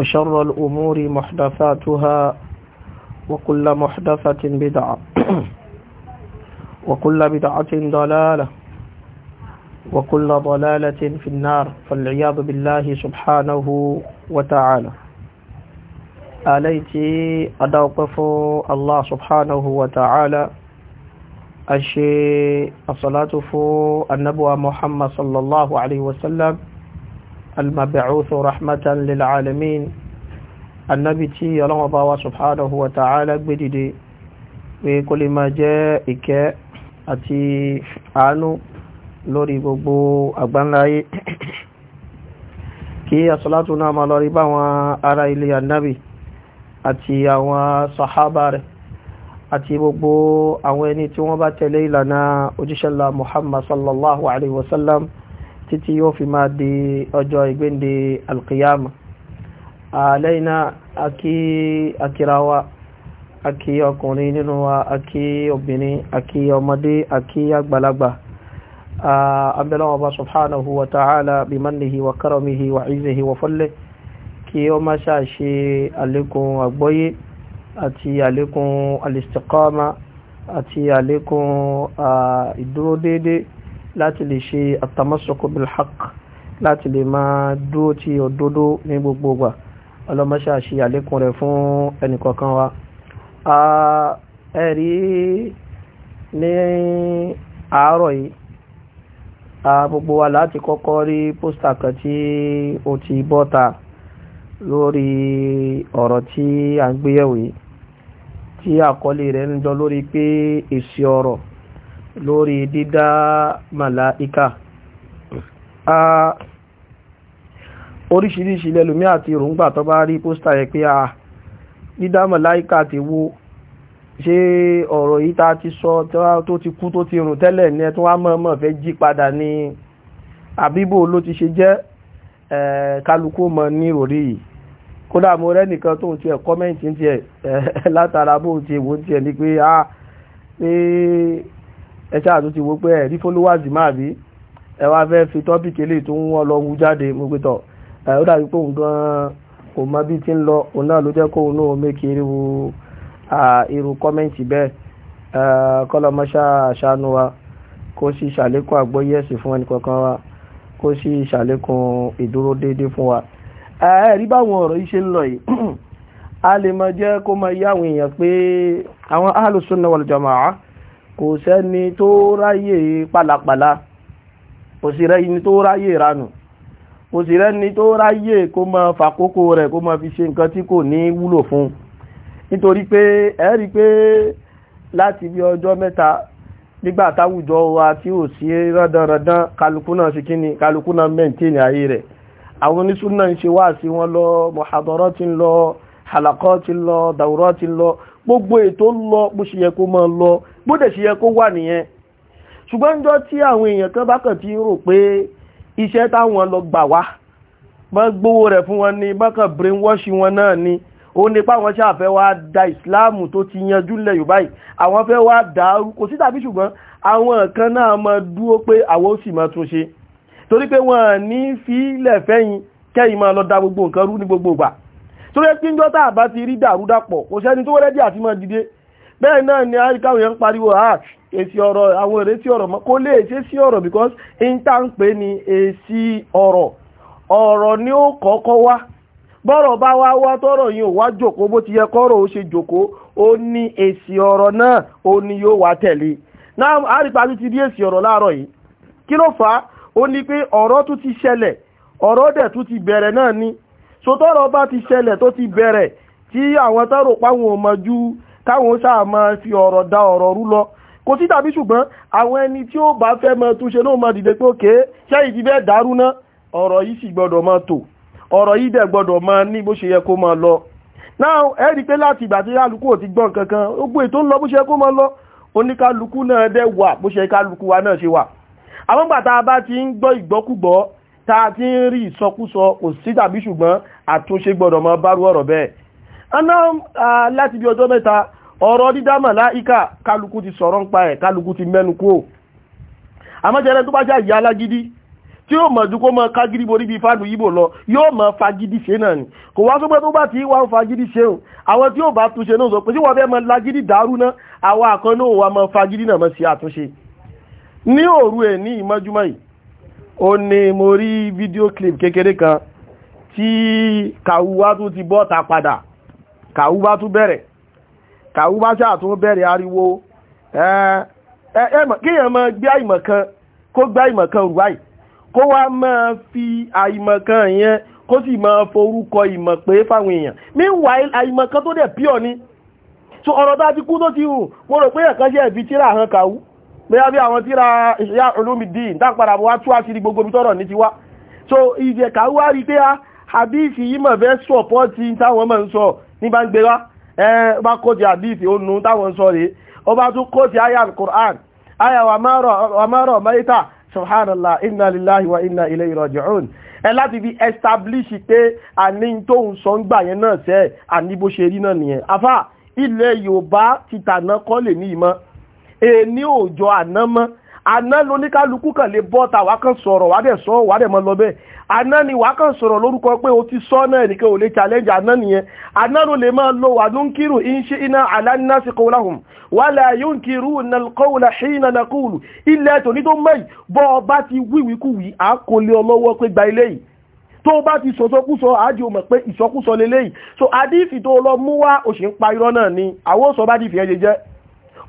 وشر الأمور محدثاتها وكل محدثة بدعة وكل بدعة ضلالة وكل ضلالة في النار فالعياذ بالله سبحانه وتعالى آليتي أدوقف الله سبحانه وتعالى أشي الصلاة فو النبوة محمد صلى الله عليه وسلم المبعوث رحمة للعالمين النبي تي يلون الله سبحانه وتعالى بديدي وكل ما جاء إكاء àti àánú lórí gbogbo àgbánláyé kí asọ́látù náà ma lọ́rí bá wọn ará ilé annabi àti àwọn sahaba rẹ̀ àti gbogbo àwọn ẹni tí wọ́n bá tẹ̀lé ìlànà òjíṣẹ́lá muhammad sallallahu alaihi wasallam títí yóò fi máa di ọjọ́ ìgbéǹde alkiyama lẹ́yìn náà akí akírawa akí ọkùnrin nínú wa akí obìnrin akí ọmọdé akí àgbàlagbà abẹ́lọ́wọ́ bá subhanahu wa ta'ala bí mannihi wa karamihi wa izzihi wa fọ́lẹ̀ kí ó má ṣàṣe àlékún àgbọ́yé àti àlékún alistiqama àti àlékún ìdúró déédéé láti lè ṣe àtàmọ́sọ̀kò bilhaq láti lè máa dúró ti òdodo ní gbogbo ìgbà ọlọ́mọṣà ṣe àlékún rẹ̀ fún ẹnìkọ̀ọ̀kan wa ẹ̀rí ní àárọ̀ yìí gbogbo wa láti kọ́kọ́ rí pósítà kan tí ó ti bọ́ta lórí ọ̀rọ̀ tí à ń gbéyẹ̀wò yìí tí àkọlé rẹ̀ ń jọ lórí pé èsì ọ̀rọ̀ lórí dídá màláíkà a oríṣiríṣi lẹ́lùmí àti ìrùngbà tó bá rí pósítà yẹ pé a dídá màláíkà ti wó ṣé ọ̀rọ̀ yìí tá ti sọ tó ti kú tó ti rùn tẹ́lẹ̀ ní ẹtún wá mọ̀ọ́mọ̀ fẹ́ jí padà ní àbíbò ló ti ṣe jẹ́ kálukú mọ̀ ní ìròrí yìí kódà mo rẹ́ nìkan tó ń tiẹ̀ kọ́mẹ́ǹtì ń tiẹ̀ látara bó ti wò ń tiẹ̀ ní pé a pé ẹ̀ṣá àtún ti wo pé ẹ̀rí followers máa bí ẹ wá fẹ́ fi tọ́pìkì eléyìí tó ń wọ́n lọ wú jáde mo pé tọ̀ ẹ̀ ó dàbí pé òun gan-an kò mọ bí ti ń lọ òun náà ló jẹ́ kó òun náà mékiri wo irú kọ́mẹ́ǹtì bẹ́ẹ̀ kọ́lọ́mọṣá àṣánu wa kó sì ṣàlékún àgbọ́yé ẹ̀sìn fún ẹnì kankan wa kó sì ṣàlékún ìdúró déédéé fún wa ẹ̀rí báwọn ọ̀rọ̀ yìí ṣe ń lọ yìí a lè mọ jẹ́ kó mọ yáwọn èèyàn pé àwọn ahlus sunnah wal kò sẹ́ni tó ráyè pálapàla kò sí rẹ́ni tó ráyè ranù kò sí rẹ́ni tó ráyè kó má fàkókò rẹ̀ kó má fi ṣe nǹkan tí kò ní wúlò fún nítorí pé ẹ rí pé láti bí ọjọ́ mẹ́ta nígbà táwùjọ wa tí ò sí rándanrandan kálukú sí kíni kálukú náà ayé rẹ̀ àwọn onísúnà ń ṣe wá sí wọn lọ mọ̀hàdọ́rọ́ ti ń lọ halakọ́ ti ń lọ dàwúrọ́ ti ń lọ gbogbo ètò ń lọ bó ṣe yẹ kó máa lọ bó dẹ̀ ṣe yẹ kó wà nìyẹn ṣùgbọ́n jọ tí àwọn èèyàn kan bá kàn ti ń rò pé iṣẹ́ táwọn lọ gbà wá bá gbówó rẹ̀ fún wọn ni bákan brainwash wọn náà ni ó ní páwọn ṣáà fẹ́ wá da ìsìláàmù tó ti yanjú lẹ̀ yorùbá yìí àwọn fẹ́ wá dàrú kò sí tàbí ṣùgbọ́n àwọn kan náà máa dúró pé àwọn ó sì máa tún ṣe torí pé wọn ní fílẹ̀ fẹ́yìn kẹ́yìn máa lọ da gbogbo nǹkan rú ní gbogbo ìgbà tó rẹ́ pínjọ́ tá àbá ti rí dàrúdàpọ̀ kò sẹ́ni tó wẹ́rẹ́ dí àti máa dìde bẹ́ẹ̀ náà ni àríkàwé ń pariwo èsì ọ̀rọ̀ àwọn èrè sí ọ̀rọ̀ kò lè ṣe sí ọ̀rọ̀ because intan pé ni èsì ọ̀rọ̀ ọ̀rọ̀ ni ó kọ́kọ́ wá bọ́rọ̀ bá wá wá tọ́rọ̀ yìí ò wá jòkó bó ti yẹ kọ́rọ̀ ó ṣe jòkó ó ní èsì ọ̀rọ̀ náà ó ní yóò wá tẹ̀lé náà ti rí èsì ọ̀rọ̀ láàárọ̀ yìí so tọ́rọ̀ bá ti ṣẹlẹ̀ tó ti bẹ̀rẹ̀ tí àwọn tọ́rọ̀ páwọn ọmọjú káwọn sáà máa fi ọ̀rọ̀ da ọ̀rọ̀ rú lọ kò sí tàbí ṣùgbọ́n àwọn ẹni tí ó bá fẹ́ mọ túnṣe náà máa dìde pé òkè ṣé ìdí bẹ́ẹ̀ dàrú ná ọ̀rọ̀ yìí sì ṣe náà ẹ wa náà ṣe wà àwọn gbàtà bá ti ń gbọ́ ìgbọ́kúgbọ́ ta ti ń rí ìsọkúsọ kò sí tàbí ṣùgbọ́n àtúnṣe gbọ́dọ̀ mọ bárú ọ̀rọ̀ bẹ́ẹ̀ aná láti bí ọjọ́ mẹ́ta ọ̀rọ̀ dídá màláíkà kálukú ti sọ̀rọ̀ ń pa ẹ̀ kálukú ti mẹ́nu kú àmọ́jẹ́rẹ́ tó bá jẹ́ ìyá alágídí tí yóò mọ̀ ju kó ni kò wá sọpẹ́ tó bá ti wá ń fagídí ṣe o àwọn tí yóò bá túnṣe náà sọ pé tí wọ́n fẹ́ mọ lágídí òru ẹ̀ ní ìmọ́júmọ́ yìí ó ní mo rí fídíò clip kékeré kan tí kàwúwá tún ti bọ́ta padà kàwúwá tún bẹ̀rẹ̀ kàwúwá ṣáà tún bẹ̀rẹ̀ ariwo kíyàn mọ́ gbé àìmọ̀kan kó gbé àìmọ̀kan rú àì kó wá fi àìmọ̀kan yẹn kó sì máa forúkọ ìmọ̀ pé fáwọn èèyàn meanwhile àìmọ̀kan tó dẹ̀ ọ ni so ọ̀rọ̀ tá ti kú tó ti mo rò pé ẹ̀kan ṣe ẹ̀bí tíra hàn bóyá bí àwọn tíra ìyá olómìdí dápadà wá tú àṣírí gbogbo bí ní ti wá so ìjẹ̀ká wá rí pé àdíìsì yìí mọ̀ fẹ́ sọ̀pọ́tì táwọn mọ̀ ń sọ ní bá ń gbé wá ẹ bá kóòtì àdíìsì ó táwọn sọ rèé ó bá tún kóòtì àyà Qur'an àyà wà márọ̀ mẹ́ta subhanallah inna wa inna ilayhi raji'un ẹ láti fi establish pé àní tó ń sọ ń gbà yẹn náà sẹ́ àní ilẹ̀ Yorùbá ti tàná kọ́ lè ní ìmọ̀ èní òjò àná mọ́ àná lóníkálukú kàn lè bọ́ ta wàá kàn sọ̀rọ̀ dẹ̀ sọ wàá dẹ̀ mọ́ lọ bẹ́ẹ̀ àná ni lórúkọ pé o ti sọ náà nìkan lè challenge àná nìyẹn àná ló lè lo wà ló ń kírù iṣẹ́ iná sí wà láàyò ń kírù ilẹ̀ tó mẹ́yì bọ́ ọ bá gba ilé yìí tó bá ti mọ̀ pé ìsọkúsọ lélẹ́yìí so adífì tó lọ mú wá ni àwọn bá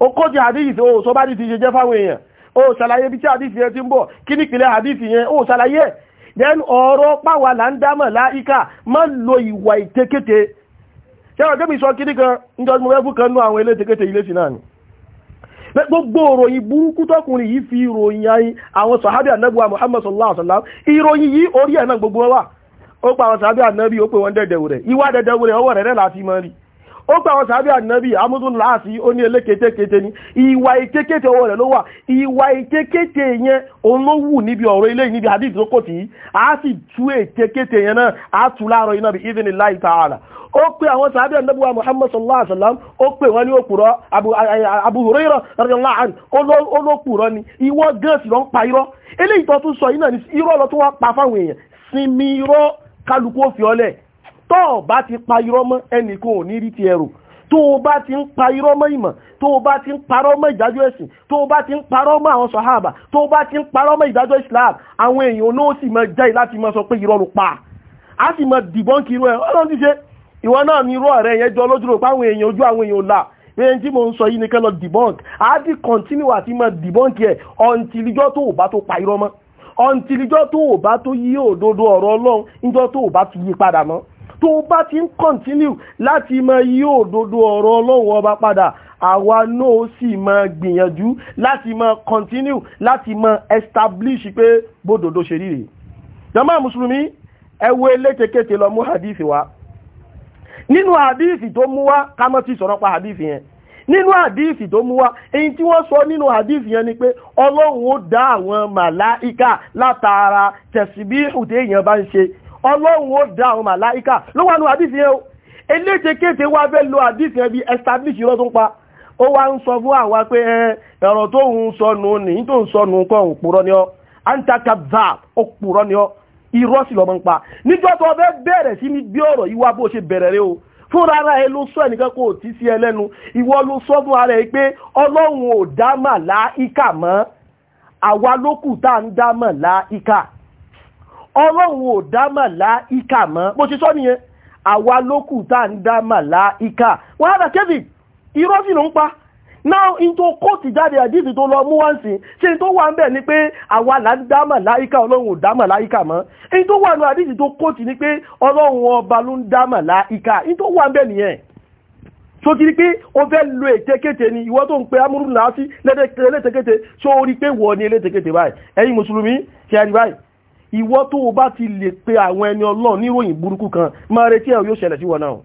ó kó ti hadith ó sọ bá dìtì ṣe jẹ́ fáwọn èèyàn ó ṣàlàyé bí tí hadith yẹn ti ń bọ̀ kí ní ìpìlẹ̀ hadith yẹn ó ṣàlàyé then ọ̀rọ̀ pàwà là ń dámọ̀ láìka má lo ìwà ìtekete ṣẹ́wọ̀n tẹ́mi sọ kí nìkan níjọ́ mo fẹ́ fún kan nú àwọn ilé tekete ilé sí náà ni gbogbo ìròyìn burúkú tọkùnrin yìí fi ìròyìn ayin àwọn sàhábì ànábùwà Muhammad sallallahu alaihi wasallam ìròyìn yìí orí ẹ̀ náà gbogbo wa ó pa àwọn sàhábì ànábì ó pè dẹ̀dẹ̀wò rẹ̀ ìwà dẹ̀dẹ̀wò rẹ̀ ọwọ́ rẹ̀ rẹ̀ láti ó gbà wọn sàbí ànábì amúdún láàsì ó ní eléketekete ni ìwà ìkékete ọwọ́ rẹ̀ ló wà ìwà ìkékete yẹn òun ló wù níbi ọ̀rọ̀ ilé níbi hadith tó kò tí a sì tú èkékete yẹn náà a tú láàárọ̀ iná bí even in láì tààlà ó pe àwọn sàbí ànábì wa muhammad sallallahu alaihi wa sallam ó pe wọn ní òpùrọ́ abu hurairah radiyallahu anhu ni ìwọ pa irọ́ eléyìí sọ yìí náà irọ́ lọ tó wá pa fáwọn tó o bá ti pa irọ́ mọ́ ẹnìkan ò ní rí ti ẹrù tó o bá ti ń pa irọ́ mọ́ ìmọ̀ tó o bá ti ń parọ́ mọ́ ìdájọ́ ẹ̀sìn tó o bá ti ń parọ́ àwọn sọ̀háàbà tó bá ti ń parọ́ ìdájọ́ Islam àwọn èèyàn náà sì máa jáì láti máa sọ pé irọ́ pa á sì máa dìbọ́n kiri ẹ̀ ọlọ́run ti ṣe ìwọ náà ni irú ọ̀rẹ́ yẹn jọ lójú rò pé àwọn èèyàn ojú àwọn èèyàn là ẹni tí mo ń sọ yìí ni kẹ́ lọ debunk àádì continue àti máa debunk yẹ ọ̀ǹtìlíjọ́ tó ò bá tó pa irọ́ mọ́ ọ̀ǹtìlíjọ́ tó ò bá tó yí òdodo ọ̀rọ̀ ọlọ́run níjọ́ tó ò bá tó yí padà mọ́ tó bá ti ń continue láti mọ yí òdodo ọ̀rọ̀ ọlọ́run ọba padà àwa náà sì mọ gbìyànjú láti mọ continue láti mọ establish pé bódodo ṣe ríre jàmá mùsùlùmí ẹ wo elétekete lọ mú hadith wa nínú hadith tó mú wá ká má ti sọ̀rọ̀ pa hadith yẹn nínú àdífì tó mú wá èyí tí wọ́n sọ nínú àdífì yẹn ni pé ọlọ́run ó dá àwọn màláíkà látara tẹ̀sìbíhù tí èèyàn bá ń ṣe ọlọ́run ó dá àwọn màláíkà ló wà ní àdìsí yẹn o eléje kéte wá fẹ́ lo àdìsí yẹn bí establish irọ́ tó ń pa ó wá ń sọ fún àwa pé ẹ̀rọ tó ń sọnù ní tó ń sọnù kọ́ òpùrọ́ ni ọ́ antakabza òpùrọ́ ni ọ́ irọ́ sì lọ́mọ ń pa níjọ́ tó fẹ́ bẹ̀rẹ̀ sí ní bí ọ̀rọ̀ bó ṣe bẹ̀rẹ̀ rẹ o fúnra ara ẹ ló sọ ẹnìkan kò tí sí ẹlẹ́nu ìwọ ló sọ fún ara ẹ pé ọlọ́run ò dá màláíkà mọ́ àwa lókù tá à ń dá màláíkà ọlọ́run ò dá màláíkà mọ́ bó ṣe sọ nìyẹn àwa lókù tá ń wọ́n kébì ló ń pa náà in tó jáde lọ mú wá sí ṣe tó wà ń bẹ̀ ni pé àwa là ń ọlọ́run ò mọ́ in tó wà ní tó ọba ló ń in tó wà ń so ti o lo etekete ni iwọ to pe amúrúnlá sí lẹ́tẹ̀kẹ́tẹ̀ so ori pe wọ ni eletekete. ìwọ tó o bá ti lè pe àwọn ẹni ọlọ́run níròyìn burúkú kan máa retí ẹ̀ yóò ṣẹlẹ̀ sí wọn náà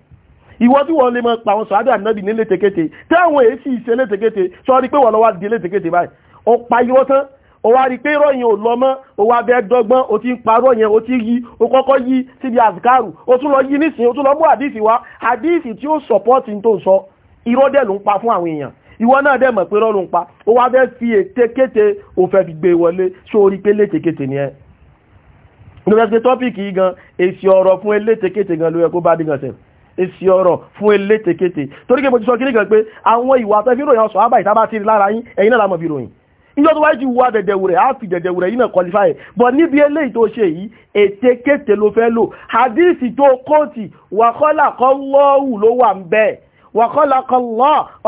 ìwọ tí wọ́n lè máa pa àwọn sọ̀ádà náà ní létekete táwọn èyí sì ṣe létekete sọ́ọ́rí pé wọ́n lọ́wọ́ di létekete báyìí ọ̀pá irọ́ tán ó wá rí pé ìròyìn ò lọ mọ́ ó wá bẹ́ẹ̀ dọ́gbọ́n ó ti ń parọ́ yẹn ó ti yí ó kọ́kọ́ yí síbi àzikáàrù ó tún lọ yí nísìnyí ó tún lọ mú àdíìsì wá àdíìsì tí ó sọ̀pọ́ọ̀tì tó ń sọ irọ́ dẹ̀ ló ń pa fún àwọn èèyàn ìwọ náà dẹ̀ mọ̀ pé rọ́ọ̀lù ń pa ó wá bẹ́ẹ̀ fi ètekéte òfẹ́ gbé wọlé sórí pé létekéte ni ẹ́ ló fẹ́ pé tọ́pìkì gan èsì ọ̀rọ̀ fún elétekéte gan ló yẹ kó bá dígan sẹ̀ èsì ọ̀rọ̀ fún elétekéte torí kí mo ti sọ kíní gan pé àwọn ìwà afẹ́ fíròyìn ọ̀sán àbá ìtàbá ti lára yín ẹ̀yin náà lámọ̀ fíròyìn ìjọ tó wáyé ti wá dẹ̀dẹ̀wù rẹ̀ á fi dẹ̀dẹ̀wù rẹ̀ yìí náà qualify but níbi eléyìí tó ṣe yìí ètekéte ló fẹ́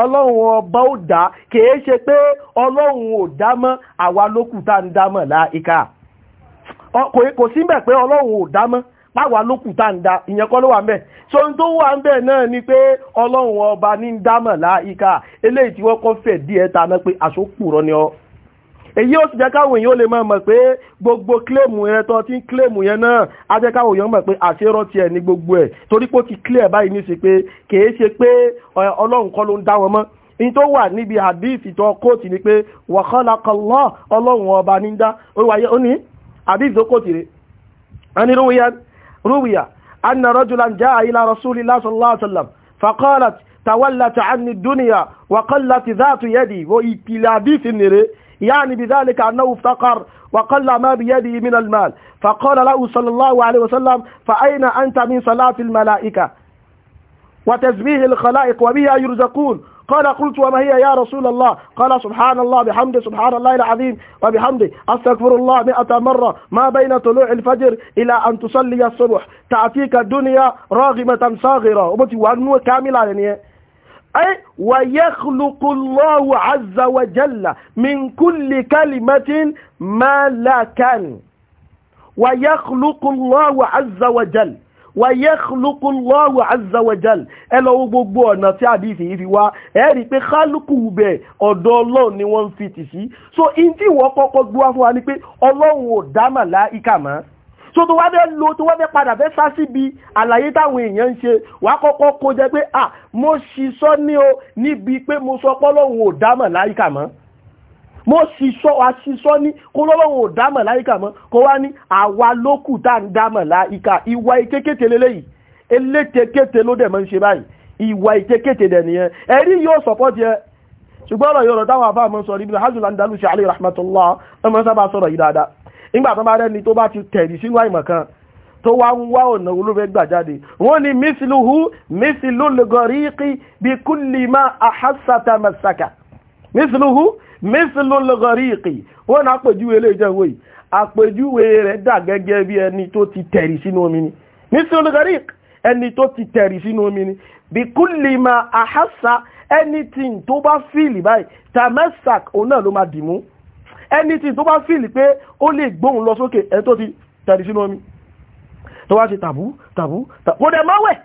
ọlọ́run ọba ó dá kìí ṣe pé ọlọ́run ò dámọ́ àwa lókù ń dámọ́ láìka kò sí bẹ̀ pé ọlọ́run ò mọ́ lókù tá ń ìyẹn kọ́ ló wà so n tó wà ń bẹ̀ náà ni pé ọlọ́run ọba ní dámọ̀ láìka eléyìí tí wọ́n kọ́ fẹ̀ ta náà pé ni ọ. èyí ó sì jẹ́ káwọn èèyàn lè máa mọ̀ pé gbogbo kílèmù yẹn tó kílèmù yẹn náà á jẹ́ káwọn èèyàn mọ̀ pé tiẹ̀ ní gbogbo ẹ̀ torí pé ọlọ́run hadith tó kò tìrẹ a ní rúwìyà an na rajulan já ila rasulillah sallallahu alaihi wasallam faqalat tawallat anni duniya wa qallat dhatu yadi wo ìpìlẹ̀ hadith nìrẹ يعني بذلك أنه افتقر وقل ما بيده من المال فقال له صلى الله عليه وسلم فأين أنت من صلاة الملائكة وتزبيه الخلائق وبها يرزقون قال قلت وما هي يا رسول الله قال سبحان الله بحمده سبحان الله العظيم وبحمده أستغفر الله مئة مرة ما بين طلوع الفجر إلى أن تصلي الصبح تعطيك الدنيا راغمة صاغرة وبتي وأنه كاملة يعني أي ويخلق الله عز وجل من كل كلمة كان ويخلق الله عز وجل wa yakhluqu Allahu azza wa jal ẹ lọ wo gbogbo ọ̀nà tí àdìsí yìí fi wá ẹ rí i pé kálukú bẹ̀ ọ̀dọ̀ ọlọ́run ni wọ́n ń fi tì sí so in tí wọ́n kọ́kọ́ gbé fún wa ni pé ọlọ́run ò dá màláìkà mọ́ so tó wá fẹ́ lo tó wá fẹ́ padà fẹ́ sá síbi àlàyé táwọn èèyàn ń ṣe wàá kọ́kọ́ kó jẹ pé ah mo ṣiṣọ́ ní o níbi pé mo sọ pé ò dá màláìkà mọ́ mo sì sọ wa sì sọ ní kó lọ́lọ́run ò dámọ̀ láyíká mọ́ kó wá ní àwa lókù tá à ń dámọ̀ láyíká ìwà ìkékéte lélẹ́yìí elétekéte ló dẹ̀ mọ́ ń ṣe báyìí ìwà ìkékéte dẹ̀ nìyẹn ẹ̀rí yóò sọ̀pọ́tì ẹ ṣùgbọ́n ọ̀rọ̀ yọ̀rọ̀ táwọn afá mọ́ sọ̀rọ̀ ibi hajjul andalusi alayhi rahmatullah ọmọ sábà sọ̀rọ̀ yìí dáadáa nígbà tó ní mísìlúhu mísìlú lùgọ̀ríkì bí kúlì máa mísìlú lọ́gọ́rí ìkì wọ́n náà àpèjúwe ilé ìjẹ́wò yìí àpèjúwe rẹ̀ dà gẹ́gẹ́ bí ẹni tó ti tẹ̀rì sínú omi ni mísìlú lọ́gọ́rí ìkì ẹni tó ti tẹ̀rì sínú omi ni bí kúlì àhásà anything tó bá fíìlì báyìí tamasak òun náà ló máa dì mú anything tó bá fíìlì pé ó lè gbóhùn lọ sókè ẹni tó ti tẹ̀rì sínú omi tó wá ṣe tàbú tàbú kò dẹ̀ máa wẹ̀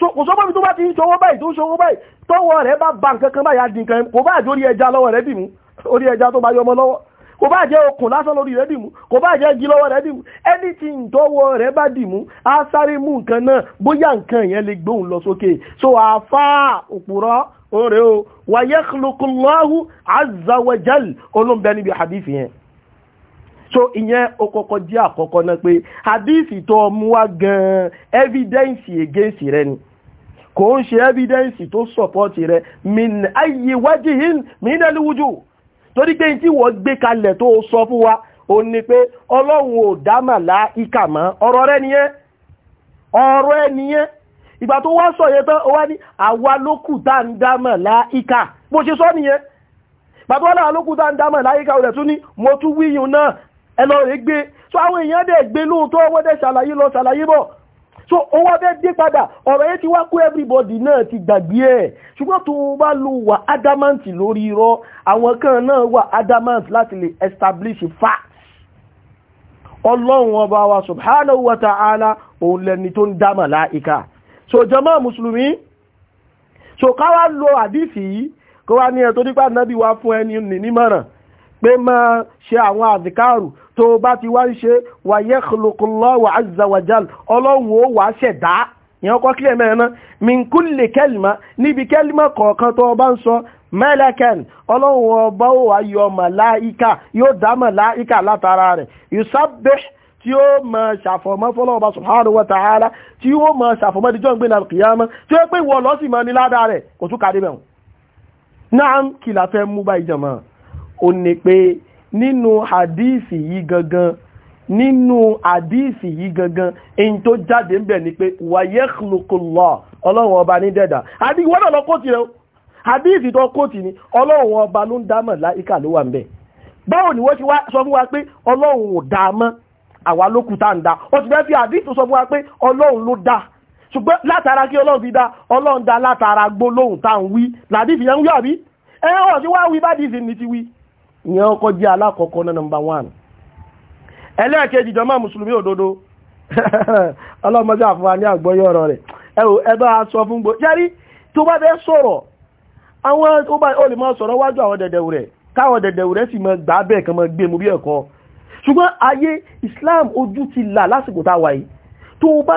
kò sọ́pọ̀ mi tó bá ti ń ṣọwọ́ báyìí tó ń ṣọwọ́ báyìí tọ́wọ́ rẹ̀ bá ba nǹkan kan báyìí á di nǹkan kò bá àjórí ẹja lọ́wọ́ rẹ̀ bì mú orí ẹja tó bá yọ ọmọ lọ́wọ́ kò bá jẹ́ okùn lásán lórí rẹ̀ dìmú kò bá jẹ́ jí lọ́wọ́ rẹ̀ dìmú anything tọ́wọ́ rẹ̀ bá dìmú á sáré mú nǹkan náà bóyá nǹkan yẹn lè gbóhùn lọ sókè so àáfàá òpùrọ́ oore o wa yakhluqullahu azza wa jal hadith yẹn so ìyẹn ó kọ́kọ́ jẹ́ àkọ́kọ́ náà pé hadith tó mú wá gan evidence against rẹ ni kò ń ṣe evidence tó support rẹ min ayyi wajihin min al torí pé tí wọ́n gbé kalẹ̀ tó sọ fún wa ó ní pé ọlọ́run ò dámà lá ìkà mọ́ ọ̀rọ̀ rẹ nìyẹn ọ̀rọ̀ ẹ nìyẹn ìgbà tó wá sọ yẹn tán ó wá ní àwa lókù tá ń dámà lá ìkà bó ṣe sọ nìyẹn bàbá wọn náà lókù tá ń dámà lá ìkà rẹ̀ tún ní mo tún wíyùn náà ẹ lọ rè gbé so àwọn èèyàn dẹ̀ gbé lóòótọ́ wọ́n dẹ̀ ṣàlàyé lọ ṣàlàyé bọ̀ so ó wá bẹ́ẹ̀ dé padà ọ̀rọ̀ yẹn ti wá kó everybody náà ti gbàgbé ẹ̀ ṣùgbọ́n tó bá lo wà adamant lórí irọ́ àwọn kan náà wà adamant láti lè establish fact ọlọ́run ọba wa subhanahu wa ta'ala òun lẹni tó ń dá màláìka so jama musulumi so ká wá lo àdífì yìí kó wá ní ẹ̀ tó dípá nábì wá fún ẹni nímọ̀ràn pé máa ṣe àwọn àdìkáàrù tó bá ti wá ń ṣe wa yakhluqullahu azza wa jal ọlọ́run ó wàá ṣẹ̀dá ìyẹn ọkọ̀ kílẹ̀ mẹ́rin náà min kulli kalima níbi kẹ́lìmà kọ̀ọ̀kan tó bá ń sọ mẹ́lẹ́kẹ́n ọlọ́run ọba ó wàá yọ màláíkà yóò dá màláíkà látara rẹ̀ yusabbih tí ó ma ṣàfọ̀mọ́ fọ́lọ́ọ̀bá subhanahu wa ta'ala tí ó ma ṣàfọ̀mọ́ ní ládá nínú hadisi yìí gangan nínú hadisi yìí gangan èyí tó jáde ń bẹ̀ ni pé wa yakhluqullah ọlọ́run ọba ní dẹ̀dà àdìsí wọ́n náà lọ kóòtì rẹ̀ hadisi tó kóòtì ni ọlọ́run ọba ló ń dámọ̀ láìka ló wà ń bẹ̀ báwo ni wọ́n ti wá sọ fún wa pé ọlọ́run ò dáa mọ́ àwa ló kù tá ń da ó ti fẹ́ fi àdìsí sọ fún wa pé ọlọ́run ló dáa dá ìyẹn ọkọ̀ jẹ́ alákọ̀ọ́kọ́ náà number one ẹlẹ́ẹ̀kejì jọmọ́ mùsùlùmí òdodo ọlọ́mọdé àfúnwa ní àgbọ́yé ọ̀rọ̀ rẹ̀ ẹgbẹ́ aṣọ fún gbò jẹ́rí tó bá fẹ́ sọ̀rọ̀ àwọn olùmọ̀ sọ̀rọ̀ wájú àwọn dẹ̀dẹ̀wù rẹ̀ káwọn dẹ̀dẹ̀wù rẹ̀ sì Islam ojú ti là lásìkò tá a wà yìí tó bá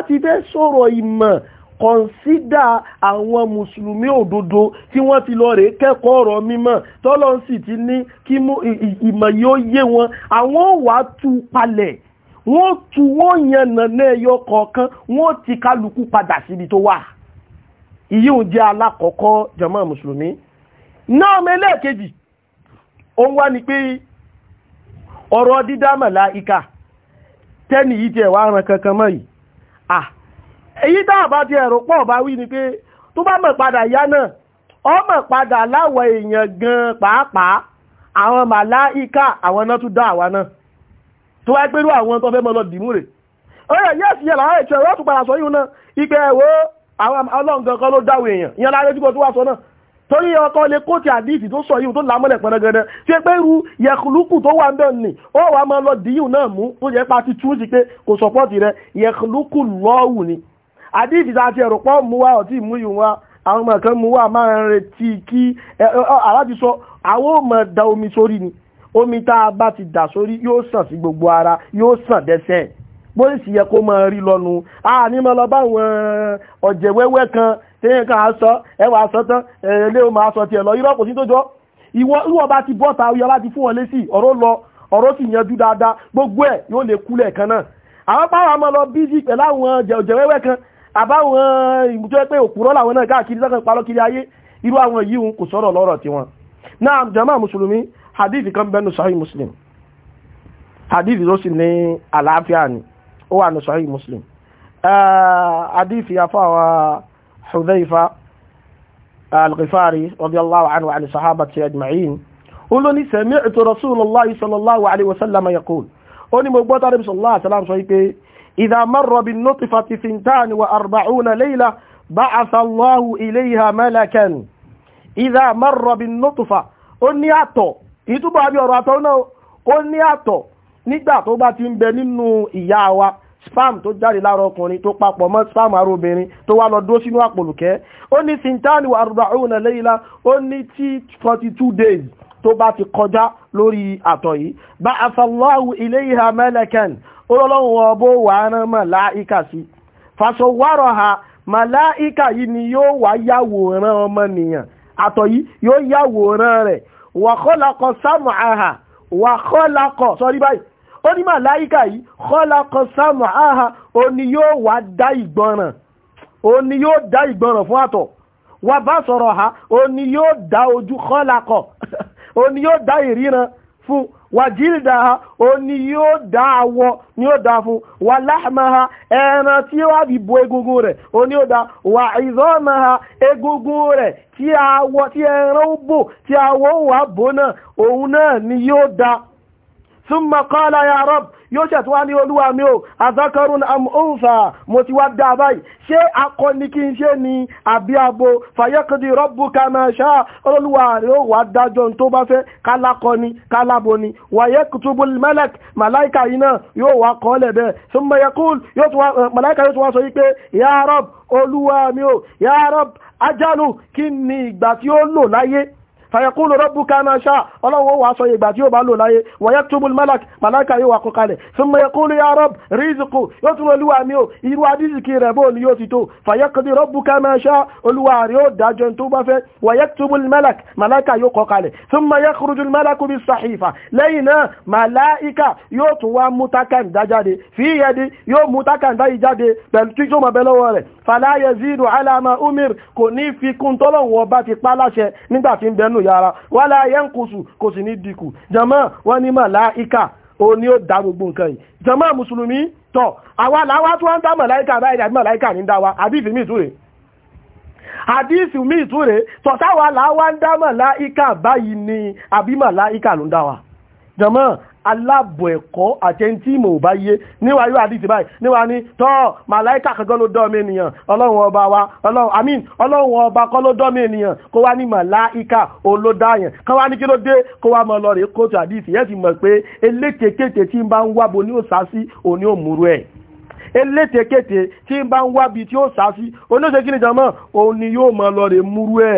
kọ̀nsídà àwọn mùsùlùmí òdodo tí wọ́n ti lọ rèé kẹ́kọ̀ọ́ ọ̀rọ̀ mímọ́ tọ́lọ́ sì ti ní kí ìmọ̀ yóò yé wọn àwọn wà tú palẹ̀ wọ́n tú wọ́n yànnà náà yọ kọ̀ọ̀kan wọ́n ti kálukú padà síbi tó wà ìyí ò jẹ́ alákọ̀ọ́kọ́ jàmá mùsùlùmí náà mẹ́lẹ́ẹ̀kejì òun wá ni pé ọ̀rọ̀ dídá màláíkà tẹ́nì yìí tẹ̀ wá ran kankan mọ́ yìí ah èyí tá àbá ti ẹ̀rọ pọ̀ bá wí ni pé tó bá mọ̀ padà yá náà ọmọ padà láwọ̀ èèyàn gan pàápàá àwọn màláìka àwọn náà tún dá àwa náà tó wáyé pẹ̀lú àwọn tó fẹ́ mọ́ lọ dìímú rẹ̀ ọ̀rẹ́ yẹ́ sí ẹ̀lá ẹ̀tọ́ ẹ̀rọ tún padà sọ yíò náà ipẹ́ ẹ̀wọ́ àwọn ọlọ́ǹkan kan ló dáwọ̀ èèyàn ìyẹn láyé tí kò tó wá sọ náà torí ọkọ̀ lè kó ti àdíìsì tó sọ yíò tó lámọ́lẹ̀ pẹ̀lẹ́gẹ̀dẹ̀ tí pé irú yẹ̀kùlùkù tó wà ń bẹ̀ nì ó wà máa lọ dìíyù náà mú tó yẹ pa ti túnṣì pé kò sọpọ́ọ̀tì rẹ yẹ̀kùlùkù lọ́wù ni àdíìsì tá a ti ẹ̀rọ pọ́ mú wa ọ̀tí ìmúyùn wa àwọn ọmọ kan mú wa máa ń retí kí aláti sọ àwọn ò da omi sórí ni omi tá a bá ti dà sórí yóò sàn sí gbogbo ara yóò sàn dẹ́sẹ̀ bóyá sì yẹ kó máa rí lọ́nu kan téèyàn kan á sọ ẹ wàá sọ tán ẹ̀ẹ́lẹ́ o máa sọ tiẹ̀ lọ irọ́ kò sí tó jọ ìwọ ìwọ bá ti bọ́ta ọyọ láti fún wọn lé sí ọ̀rọ̀ lọ ọ̀rọ̀ sì dáadáa gbogbo ẹ̀ yóò lè kú lẹ́ẹ̀kan náà àwọn pàwọn ọmọ lọ bíjì pẹ̀lú àwọn jẹ̀wẹ́wẹ́ kan àbáwọn ìmújọ́ pé òpùrọ́ làwọn náà káàkiri sọ́kàn parọ́ kiri ayé irú àwọn yìí kò sọ̀rọ̀ lọ́rọ̀ tiwọn náà jama mùsùlùmí hadith kan bẹnu sahih muslim hadith ló sì ní àlàáfíà ni ó wà ní sahih muslim hadith afáwa hudhaifa al-ghifari radiyallahu anhu àni sahabati ajma'in ó ló ní sami'tu rasulullahi sallallahu alaihi wasallam yaqul ó ní mo gbọ́ tàbí sallallahu alaihi wasallam sọ إذا مر بالنطفة ثنتان وأربعون ليلة بعث الله إليها ملكا إذا مر بالنطفة ó ní àtọ̀ ìtúbọ̀ àbí ọ̀rọ̀ àtọ̀ náà ó ní àtọ̀ spam tó jáde lára ọkùnrin tó papọ̀ mọ́ spam ara obìnrin tó wá lọ dó sínú àpòlùkẹ́ ó ní sintani wa arba'una ó ní tí 42 days tó bá ti kọjá lórí àtọ̀ yìí ba'athallahu ilayha malakan olólọ́run ọbó wà rán màláìkà sí fàṣọwárọ̀ ha màláìkà yìí ni yóò wá yàwòrán ọmọnìyàn àtọ̀ yìí yóò yàwòrán rẹ̀ wàkọ́lákọ̀ sámù àhà wàkọ́lákọ̀ sọ́rí báyìí ó ní màláìkà yìí kọ́lákọ̀ sámù àhà ó ní yóò wá dá ìgbọràn ó ní yóò dá ìgbọràn fún àtọ̀ wà bá sọ̀rọ̀ ha ó ní yóò dá ojú kọ́lákọ̀ ó ní yóò dá ìríran fún wàjílda ha ó ní yóò dá àwọ̀ ní ó dá fún wà láàmà ha ẹran tí ó àbí bo egungun rẹ̀ ó ní ó dá wà ìzọ́mà ha egungun rẹ̀ tí àwọ̀ tí ẹran ó bò tí àwọ̀ wà bò náà òun náà ni yóò dá súnmọ́ kọ́lá ya rọ́bù yóò ṣẹ̀tún wá ní olúwa mi ò azakarun amúnfà mo ti wá dá báyìí ṣé akọ ni kí n ṣe ni àbí abo fàyẹ́kìdì rọ́bù kàmáṣá olúwa rẹ̀ ó wà dájọ́ tó bá fẹ́ kálákọ ni kálábo ni wàyẹ́kùtùbù mẹ́lẹ̀k màláìkà yìí eh, ajalu kí ni ìgbà tí ó lò láyé fàyẹ̀kúlù rọ́bù kama ṣá ọlọ́wọ́ wà sọ ìgbà tí ó bá lò láyé wọ̀yẹ́ túbùl malak malaka yóò wà kó kalẹ̀ sọmọ yẹ̀kúlù ya rọ́b rízikù yóò tún olúwa mi ò irú adísìkì rẹ̀ bó ni yóò ti tó fàyẹ̀kúlù rọ́bù kama ṣá olúwa rẹ̀ ó dájọ́ tó bá fẹ́ wọ̀yẹ́ túbùl malak malaka yóò kọ kalẹ̀ sọmọ yẹ̀kúrújú malaku bí sàhífà lẹ́yìn náà malaika yóò tún wá mú jáde fi yóò mú yìí jáde pẹ̀lú tí yóò mọ̀ bẹ́ lọ́wọ́ rẹ̀ fàlàyé zidu alama umir kò ní fi tọ́lọ́wọ́ bá ti pa láṣẹ nígbà tí ń bẹnu nínú yàrá wálá yẹnkùsù kò sì ní dìkù jàmáà wọ́n ní màláíkà ó ní ó dá gbogbo nǹkan yìí jàmáà mùsùlùmí tọ̀ àwa làwa tí wọ́n ń dá màláíkà báyìí àti màláíkà ní dá wa àbí ìfìmí ìtúre àdíìsì mí ìtúre tọ̀ táwa làwa ń dá màláíkà báyìí ni àbí màláíkà ló ń dá wa aláàbọ̀ ẹ̀kọ́ àtẹ́ntí ìmọ̀ ò bá yé níwà yóò àdìsí báyìí níwà ní tọ́ màláìkà kankan ló dọ́ọ̀mí ènìyàn ọlọ́run ọba wa ọlọ́run àmín ọlọ́run ọba kọ́ ló dọ́ọ̀mí ènìyàn kó wá ní màláìkà olódáyàn kọ́ wá ní kí ló dé kó wá mọ lọ rèé kóòtù àdìsí yẹn ti mọ̀ pé elétekéte tí ń bá ń wábo ní òsásí òní òmùrú ẹ̀ elétekéte tí ń bá ń wábi tí ó sásí oníṣègùn ìjàmọ́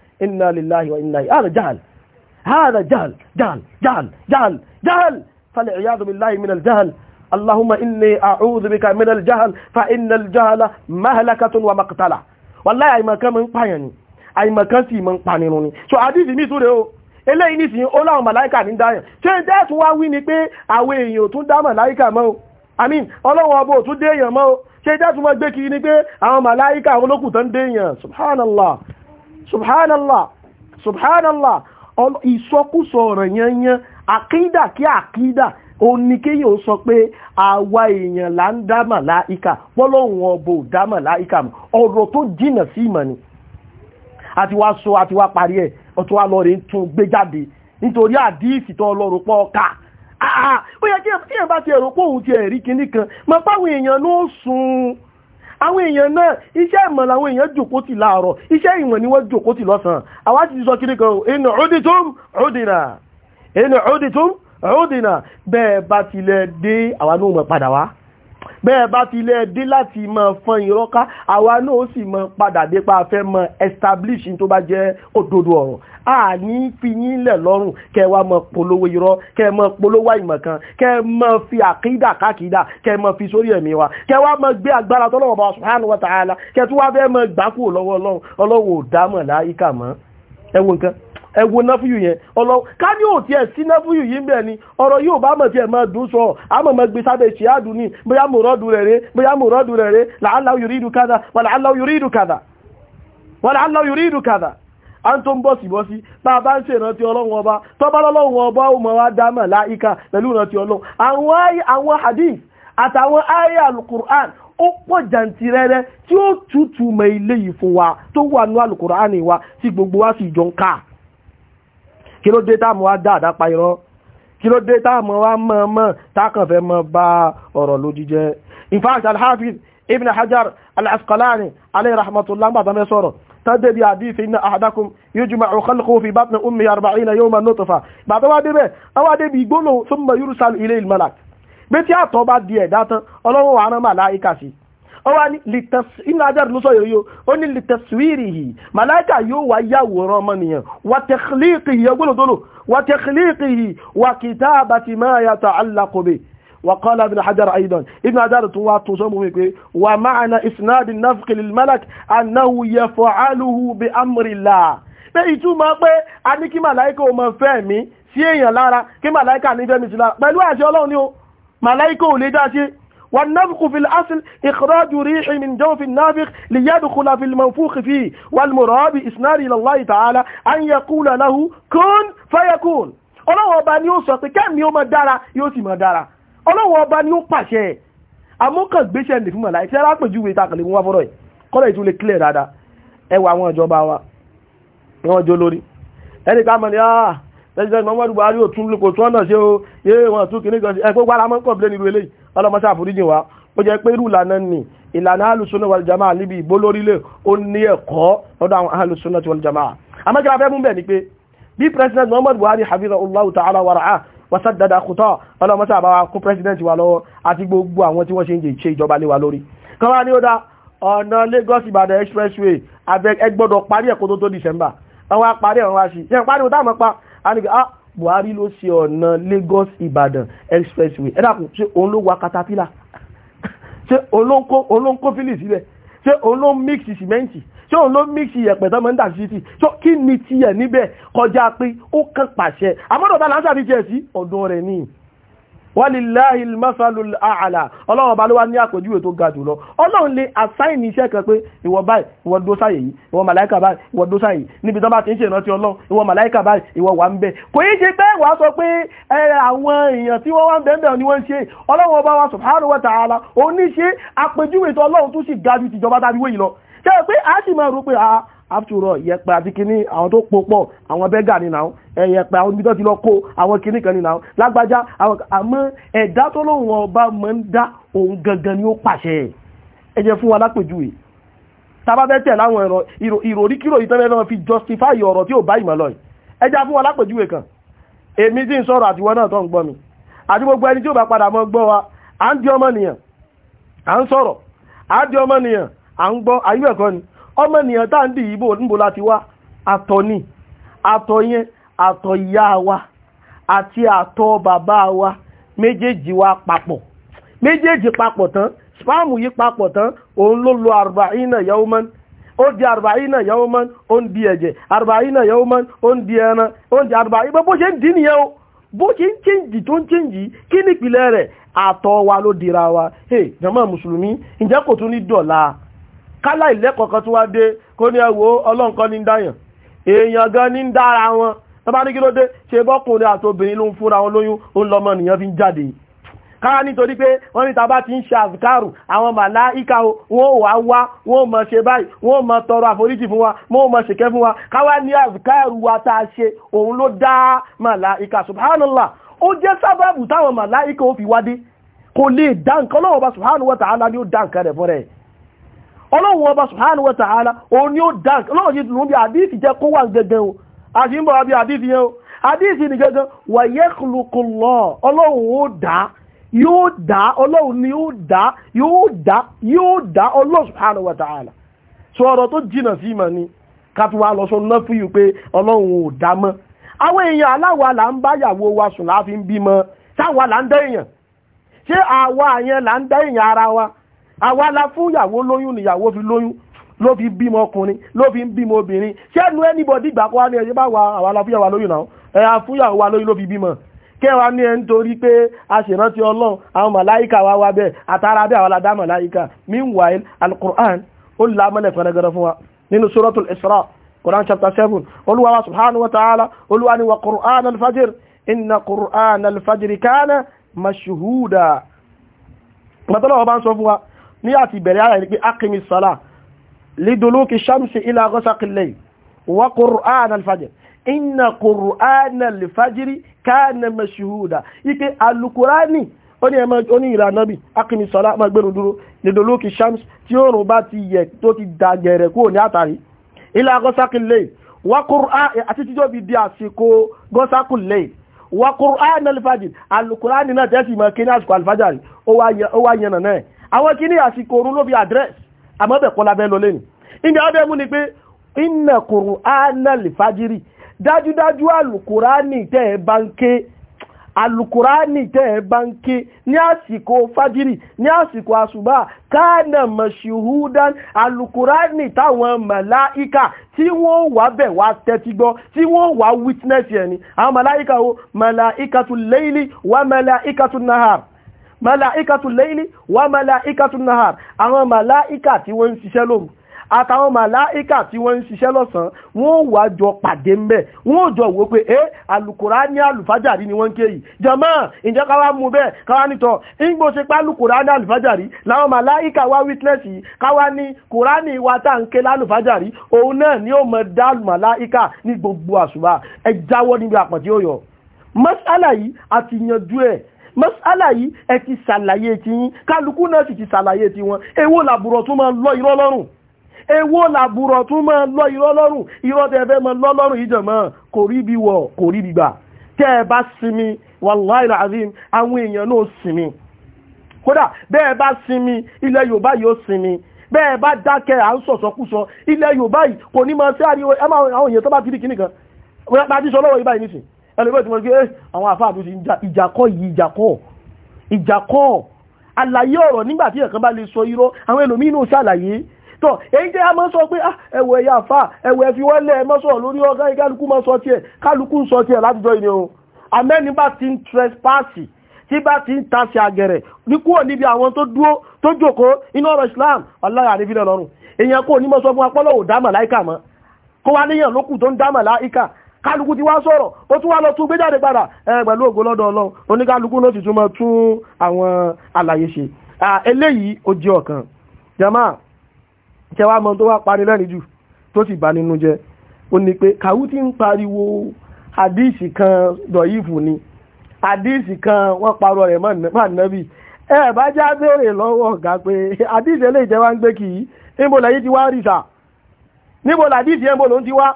inna lillahi wa inna hada jahal hada jahal jahal jahal jahal jahal فالعياذ بالله من الجهل اللهم إني أعوذ بك من الجهل فإن الجهل مهلكة ومقتلة والله أي مكان من قاني أي مكان سي من قاني so àdìsí mi sure o eléyìí nísìn ó láwọn màláíkà ní dáyàn ṣe jẹ́ tún wá wí ni pé àwọn èèyàn tún dá màláíkà mọ́ o àmín ọlọ́wọ́ ọbọ̀ tún déèyàn mọ́ o ṣe jẹ́ tún wá gbé kiri ni pé àwọn màláíkà olókùtàn déèyàn subhanallah subhanallah subhanallah ìsọkúsọ ọ̀rọ̀ yanyan àkídà kí àkídà oníkéyìn ó sọ pé àwa èèyàn là ń dá màláìka pọ́lọ́hùn ọbọ̀ ò dá ọ̀rọ̀ tó jìnà sí ìmọ̀ ni àti wá sọ àti wá parí ẹ̀ ọ̀tún wá lọ́ọ̀rẹ́ tún gbé jáde nítorí àdíìsì tó ọlọ́rọ̀ pọ̀ ká ó yẹ kí bá ti ẹ̀rọ pọ̀ òun ti ẹ̀rí àwọn èèyàn náà iṣẹ́ ìmọ̀ làwọn èèyàn jòkó tì láàárọ̀ iṣẹ́ ìmọ̀ ni wọ́n jòkó tì lọ́sàn àwa ti sọ kiri kan in uditum udina in uditum udina bẹ́ẹ̀ bá tilẹ̀ dé àwa náà padà wá bẹ́ẹ̀ bá fi lẹ́ dé láti mọ̀ fọn ìrọ́ká àwa náà sì mọ̀ padà dé fẹ́ mọ̀ establish tó bá jẹ́ òdodo ọ̀rọ̀ a ní fi yín lẹ̀ lọ́rùn kẹ wá mọ̀ polówó irọ́ kẹ mọ̀ polówó àìmọ̀ kan kẹ mọ̀ fi àkídà kákídà kẹ mọ̀ fi sórí ẹ̀mí wa kẹ wá mọ̀ gbé agbára tọ́lọ́wọ́ bá subhanahu wa ta'ala kẹ tún wá fẹ́ mọ̀ gbákùú lọ́wọ́ ọlọ́run ọlọ́run ò dámọ̀ láyíkà mọ́ ẹ wo ẹ̀wò náfúyù yẹn ọlọ́wọ́ ká ní ò tiẹ̀ sí náfúyù yìí bẹ̀ ni ọ̀rọ̀ yóò bá mọ̀ tiẹ̀ máa dùn sọ àmọ́ mọ̀ gbé sábẹ́ ṣe àdùn ní bóyá mo rọ́ọ̀dù rẹ̀ rẹ̀ bóyá mo rọ́ọ̀dù rẹ̀ rẹ̀ làálàá yuridu kàdà wà làálàá yuridu kàdà wà làálàá yuridu kàdà a ń tó ń bọ̀ sí bọ́ sí bá a bá ń ṣe ìrántí ọlọ́run ọba tọ́bá lọ́lọ́run ọba ó mọ̀ wá dámà láìka pẹ̀lú ìrántí ọlọ́run àwọn hadith àtàwọn àyà alukur'an ó pọ̀ jàǹtìrẹrẹ tí ó tútù mọ ilé yìí fún wa tó wà ní alukur'an wa tí gbogbo wa sì jọ ń káà kí ló dé táàmù wá dáadáa pa irọ́ kí ló dé táàmù wá mọ́ mọ́ tákàn fẹ́ mọ́ bá ọ̀rọ̀ lódì jẹ́ in fact al-hafiz ibn hajar al-asqalani alayhi rahmatullah bàbá mẹ́ sọ̀rọ̀ tàbí bí àdífì iná àdákùn yujma'u khalquhu fi batni ummi arba'ina yawman nutfa bàbá wá débẹ̀ wá débi ìgbónà ó wá ní inú ajar ló sọ yòóyó ó ní litaswirihi màláìkà yóò wá yàwòrán ọmọnìyàn wa takhliqihi ọgbọ́lódólò wa takhliqihi wa kitabati ma yata'allaqu bihi وقال ابن حجر أيضا ابن حجر تواتوسمه ومعنى إسناد النفق للملك أنه يفعله بأمر الله pé ìtumọ̀ pé a ní kí màláíkà o mọ̀ fẹ́ mi sí èèyàn lára kí màláíkà ní ò lè dá ṣe والنفخ في الأصل إخراج ريح من جوف النافخ ليدخل في المنفوخ فيه والمراد بإسناد إلى الله تعالى أن يقول له كن فيكون ọlọ́wọ́ ọba ni ó sọ pé kẹ́mi ó máa dára yóò sì máa dára ọlọ́wọ́ ọba ni ó pàṣẹ amókàngbéṣẹ́ ní fún màláì tí ara pèjúwe takàlẹ̀ mú wá fọ́rọ̀ yìí kọ́lọ̀ ìtú lè clear dáadáa ẹwà àwọn ìjọba wa wọ́n jó lórí ẹni ká mọ̀ ní ah, president Muhammadu Buhari ò tún lóko tún ọ̀nà ṣe ó ọlọ́mọsá àforíjì wa ó jẹ́ pé irú ìlànà ni ìlànà alùsùnà wal jamaa níbi ìgbólórílẹ̀ ó ní ẹ̀kọ́ lọ́dọ̀ àwọn alùsùnà wal jamaa amájọ́ afẹ́ mú bẹ̀ ni pé bí president Muhammad Buhari hafizahullahu ta'ala wara'a wasaddada kùtọ́ ọlọ́mọsá àbáwá kún president wa lọ́wọ́ àti gbogbo àwọn tí wọ́n ṣe ń jẹ́ ìṣe ìjọba lé wa lórí kan wá ní ó dá ọ̀nà Lagos Ìbàdàn expressway abẹ́ ẹgbọ́dọ̀ parí ẹ̀kọ́ tó tó December àwọn parí àwọn wá sí ṣe parí ó dáàmọ́ pa a ní ah, Buhari ló ṣe ọ̀nà Lagos Ibadan expressway ẹ dákun ṣé òun ló wa katapila ṣé òun ló ń kó fílì sílẹ̀ ṣé òun ló ń mix sìmẹ́ǹtì ṣé òun ló ń mix ìyẹ̀pẹ̀ tó máa ń dà sí ti ṣé kí ni tiẹ̀ níbẹ̀ kọjá pé ó kàn pàṣẹ àmọ́dọ̀ bá láńsà fi jẹ́ sí ọ̀dọ̀ rẹ̀ nìyí walillahi al-masalul a'la ọlọ́run ọba ló wá ní àpèjúwe tó ga jùlọ ọlọ́run lè assign iṣẹ́ kan pé ìwọ báyìí ìwọ dó sáyè yìí ìwọ màláìkà báyìí ìwọ dó sáyè níbi tán bá ti ń ṣe ìrántí ọlọ́run ìwọ màláìkà báyìí ìwọ wà ń bẹ kò yí ṣe pé wà sọ pé àwọn èèyàn tí wọ́n wá ń bẹ̀ẹ̀bẹ̀ ni wọ́n ṣe ọlọ́run ọba wa subhanahu wa ta'ala oníṣe àpèjúwe tó ọlọ́run tún sì ga ju tìjọba tàbí wéyìí lọ àfitúrọ̀ yẹpẹ àti kíní àwọn tó pòpọ̀ àwọn bẹ́gà ni náà ẹ̀yẹpẹ àwọn ibi tó ti lọ kó àwọn kíní kan ni náà lágbájá àmọ́ ẹ̀dá tó lóun ọba máa ń dá òun gangan ni ó pàṣẹ ẹ jẹ́ fún wa lápèjúwe tàbá fẹ́ tẹ̀ láwọn ẹ̀rọ ìròrí kíro ìtẹ́lẹ̀ náà fi justify ọ̀rọ̀ tí ò bá ìmọ̀ lọ yìí ẹ jẹ́ fún wa lápèjúwe kan èmi tí ń sọ̀rọ̀ àtiwọ́ náà tó ń gbọ́ mi àti gbogbo ẹni tí ó bá padà mọ́ gbọ́ wa à ń di ọmọ nìyàn à ń sọ̀rọ̀ à ń di ọmọ nìyàn à ń gbọ́ ayú ẹ̀kọ́ ni ọmọnìyàn tá ń dì ìbò níbo láti wá àtọ̀ ni àtọ̀ yẹn àtọ̀ ìyá wa àti àtọ̀ bàbá wa méjèèjì wa papọ̀ méjèèjì papọ̀ tán spáàmù yí papọ̀ tán òun ló lo àrùbáyínà yawman ó di àrùbáyínà yawman ó ń di ẹ̀jẹ̀ àrùbáyínà yawman ó ń di ẹran ó ń di àrùbáyínà bó ṣe ń dín nìyẹn o bó ṣe ń chíǹjì tó ń chíǹjì kí nípìnlẹ̀ rẹ̀ àtọ̀ wa ló dira wa hey jama mùsùlùmí ǹjẹ́ kò tún ní dọ̀la kálá ìlẹ́kọ̀ọ́ kan tó wá dé kó ní ẹwọ́ ọlọ́nkan ní dáyàn èèyàn gan ní dára wọn tọ́bá ní kí ló dé ṣe bọ́kùnrin àtobìnrin ló ń fúnra wọn lóyún ó lọ́mọ nìyàn fi ń jáde kára nítorí pé wọ́n ní tàbá ti ń ṣe àzùkárù àwọn màláíkà wọ́n wà wá wọ́n mọ̀ ṣe báyìí wọ́n mọ̀ tọrọ àforíjì fún wa wọ́n mọ̀ ṣèkẹ́ fún wa káwá ní àzùkárù wa tá ṣe òun ló dá màláíkà subhanallah ó jẹ́ sábàbù táwọn màláíkà ó fi wádé kò lè dá nǹkan lọ́wọ́ bá subhanahu wa ta'ala ni ó dá nǹkan rẹ̀ fún rẹ̀ ọlọ́run ọba subhanahu wa o ní ó dánk ọlọ́run yìí dùnú bí àdíìsì jẹ́ o a ti ń bọ̀ bí àdíìsì yẹn o àdíìsì ni gẹ́gẹ́ wà yakhluqullah ọlọ́run ó ọlọ́run ni ó dá yóò dá yóò dá ọlọ́run subhanahu wa sọ ọ̀rọ̀ tó jìnà sí ni lọ sọ ná fún yìí pé ọlọ́run ò dá mọ́ àwọn èèyàn là ń wa sùn láàfin bímọ táwa là ń dá èèyàn ṣé àwa àyẹn là ń dá èèyàn ara àwa la fún ìyàwó lóyún níyàwó fi lóyún ló fi bímọ ọkùnrin ló fi ń bímọ obìnrin ṣẹ́nu anybody gbà kó wá ní ẹ̀yẹ́ bá wa àwa la fún ìyàwó lóyún náà ẹ̀yà fún ìyàwó wa lóyún ló fi bímọ kẹwàá ní ẹ nítorí pé a ṣèrántí ọlọ́run àwọn màláìkà wa wá bẹ́ẹ̀ àtàrà bẹ́ẹ̀ àwọn aládá isra quran chapter seven olúwa subhanahu ta'ala olúwa ni wa qur'an alfajir inna qur'an alfajir kana mashuhuda. pàtàlọ́wọ́ bá ń sọ fún wa ní àti ìbẹ̀rẹ̀ ara ẹni pé akimi sọ́lá liduluki shamsi ila ghasaqil layl wa qur'an al-fajr inna qur'an al-fajr kana mashhuda ipe alukurani oní ìlànà bí akimi sọ́lá ma gbẹ̀rù dúró liduluki shamsi tí ó rùn bá ti yẹ tó ti dàgẹ̀rẹ̀ kúrò ní àtàrí ila ghasaqil layl wa qur'an àti tíjọ́ bí di àsìkò ghasaqil wa qur'an al alukurani náà tẹ́sì mọ̀ kí ní àsìkò al ó wá yẹnà àwọn kí ní àsìkò orun ló bí address àmọ́bẹ̀kọ́ labẹ́ lọ lẹ́nu ibi abẹ́ mú ni pé inna Qur'ana al dájúdájú alukurani tẹ́ ẹ bá ń ké alukurani tẹ́ ẹ bá ń ké ní àsìkò fajiri ní àsìkò àṣùbà káànà mọ̀ṣíhúdán alukurani táwọn màláíkà tí wọ́n wà bẹ̀ wá tẹ́tí gbọ́ tí wọ́n wà witness yẹn ni àwọn màláíkà wo màláíkà tún léyìlì wà màláíkà tún nahar màláíkàtù lẹ́yìnì wà màláíkàtù nahar àwọn màláíkà tí wọ́n ń ṣiṣẹ́ lóru àtàwọn màláíkà tí wọ́n ń ṣiṣẹ́ lọ́sàn wọ́n wà jọ pàdé mbẹ̀ wọ́n jọ wò pé ẹ́ eh, alukura ní alùfájàrí ni wọ́n ń ké yìí jàmá ìjẹ́ káwá mú bẹ́ẹ̀ káwá nítọ̀ ìgbò ṣe pé alukura ní alùfájàrí làwọn màláíkà wá witness yìí ní kùránì wa tá ń ké lálùfájàrí ni ó mọ dá màláíkà ní mọ́sálà yìí ẹ ti ṣàlàyé ti yín kálukú náà sì ti ṣàlàyé ti wọn èwo làbùrọ̀ tún máa lọ irọ́ lọ́rùn èwo làbùrọ̀ tún máa lọ irọ́ lọ́rùn irọ́ tẹ́ fẹ́ máa lọ lọ́rùn yìí jọ̀mọ́ kò rí bí wọ̀ kò rí bí gbà tẹ́ ẹ bá sinmi wàláì làzim àwọn èèyàn náà sinmi kódà bẹ́ẹ̀ bá sinmi ilẹ̀ Yorùbá yóò sinmi bẹ́ẹ̀ bá dákẹ́ à ń sọ̀sọ̀kúsọ ilẹ̀ Yorùbá yìí kò ní máa sí àwọn èèyàn tó bá ti rí kìnnìkan bá ti sọ lọ́wọ́ yìí báyìí nísìnyí ẹlẹ́gbẹ́ tí wọ́n gbé eh, àwọn àfáàbù sí ìjàkọ́ yìí ìjàkọ́ ìjàkọ́ àlàyé ọ̀rọ̀ nígbàtí ẹ̀kan bá lè sọ irọ́ àwọn ẹlòmínú ṣàlàyé tọ́ èyí jẹ́ a mọ́ sọ pé ah, ẹwọ̀ ẹ̀yà àfà ẹwọ̀ ẹ̀fí wọ́n lẹ́ mọ́ sọ̀rọ̀ lórí ọgá kálukú mọ́ sọ tiẹ̀ kálukú ń sọ tiẹ̀ látijọ́ ìní o amẹ́ni bá ti ń trespassì tí bá ti ń tasì àgẹ̀rẹ̀ ní kúrò níbi àwọn tó dúró tó jókòó inú ọ̀rọ̀ Islam aláyà àrífílẹ̀ lọ́rùn èèyàn kò ní mọ́ sọ fún apọ́lọ́wò dámà láìka mọ́ kó wá níyàn lókù tó ń dámà láìka kálukú ti wá sọ̀rọ̀ ó tún wá lọ tún gbéjáde padà pẹ̀lú ògo lọ́dọ̀ ọlọ́run oníkálukú ló sì tún mọ́ tún àwọn àlàyé ṣe eléyìí ó jẹ́ ọ̀kan jama tẹwàá mọ́ tó wá parí lẹ́rìn jù tó sì bá nínú jẹ́ ó ní pé kàwú ti ń pariwo àdíìsì kan dọ̀yìfù ni àdíìsì kan wọ́n parọ́ rẹ̀ mọ́ nẹ́bì ẹ bá já béèrè lọ́wọ́ ọ̀gá pé àdíìsì eléyìí tẹ́wàá ń gbé kì í níbo làdíìsì ẹ̀ ń bò ló ti wá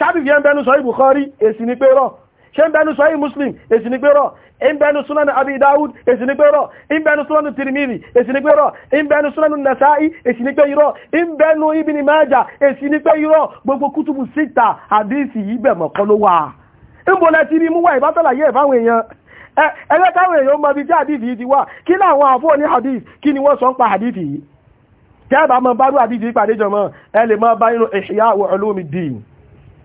ṣábìbì ẹ̀ ń bẹnu sọ Bukhari èsì ní pé rọ̀ ṣe ń bẹnu sọ Muslim èsì ní pé rọ̀ ń bẹnu súnánù Abi Dawud èsì ní pé rọ̀ ń bẹnu súnánù Tirmidhi èsì ní pé rọ̀ ń bẹnu súnánù Nasa'i èsì ní pé irọ́ ń bẹnu Ibn Majah èsì ní pé irọ́ gbogbo kútùbù síta àdíìsì yìí bẹ̀ mọ̀kọ́ ló wà níbo lẹ ti rí mú wá ìbátàlàyé ẹ̀fáwọn èèyàn ẹlẹ́tàwọn èèyàn mọ̀ bí tí hadith yìí ti wá kí láwọn àfọ́ ní hadith kí ni wọ́n sọ ń pa hadith yìí tẹ́ẹ̀bà mọ̀ bá rú hadith yìí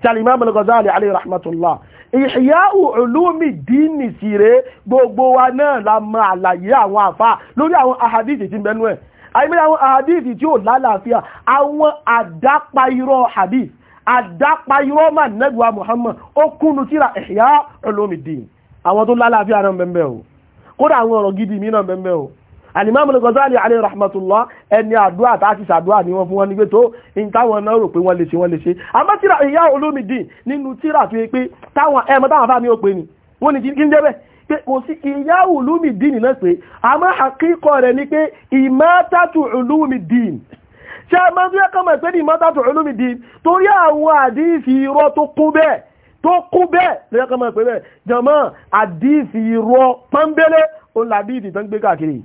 Al-Imam Al-Ghazali alayhi rahmatullah Ihya Ulumi Dini sire gbogbo wa náà la mọ àlàyé àwọn àfá lórí àwọn ahadithi tí bẹnu ẹ̀ àìmọ́ àwọn ahadithi tí ó lálàáfíà àwọn àdápa irọ́ hadith àdápa irọ́ mà nẹ́gbà Muhammad ó kúnnú tíra Ihya Ulumi Dini alimami Ghazali alayhi rahmatullah ẹni àdúrà tààtì sàdúrà ni wọ́n fún wọn nígbé tó in táwọn náà rò pé wọ́n lè ṣe wọ́n lè ṣe àmọ́ tíra ìyá olómìdì nínú tíra tó yẹ pé táwọn ẹmọ táwọn afá mi ò pè ní wọ́n ní kí ń jẹ́ bẹ́ẹ̀ pé kò sí ìyá olómìdì náà pé àmọ́ àkíkọ rẹ̀ ni pé ìmọ́tàtù olómìdì ṣe àmọ́ tó yẹ kọ́mọ̀ pé ní ìmọ́tàtù olómìdì torí àwọn àdífi irọ́ tó kún bẹ́ẹ̀ tó kú bẹ́ẹ̀ lẹ́yìn kan máa pè bẹ́ẹ̀ jọmọ́ àdífi irọ́ pọ́nbélé òun làbí ìdìtàn gbé káàkiri yìí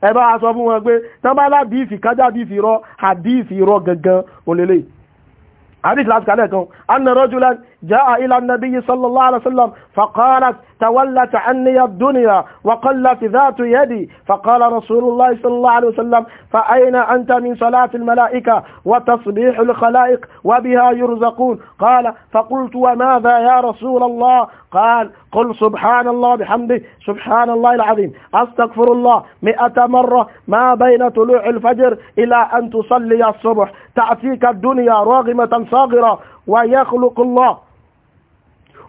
ẹ bá sọ fún wọn pé tán bá lábíìfì kájá bíìfì rọ àbíìfì rọ gangan òlélẹ̀ àdìsí láti kálẹ̀ kan anna rajulan جاء إلى النبي صلى الله عليه وسلم فقالت تولت عني الدنيا وقلت ذات يدي فقال رسول الله صلى الله عليه وسلم فأين أنت من صلاة الملائكة وتصبيح الخلائق وبها يرزقون قال فقلت وماذا يا رسول الله قال قل سبحان الله بحمده سبحان الله العظيم أستغفر الله مئة مرة ما بين طلوع الفجر إلى أن تصلي الصبح تأتيك الدنيا راغمة صاغرة ويخلق الله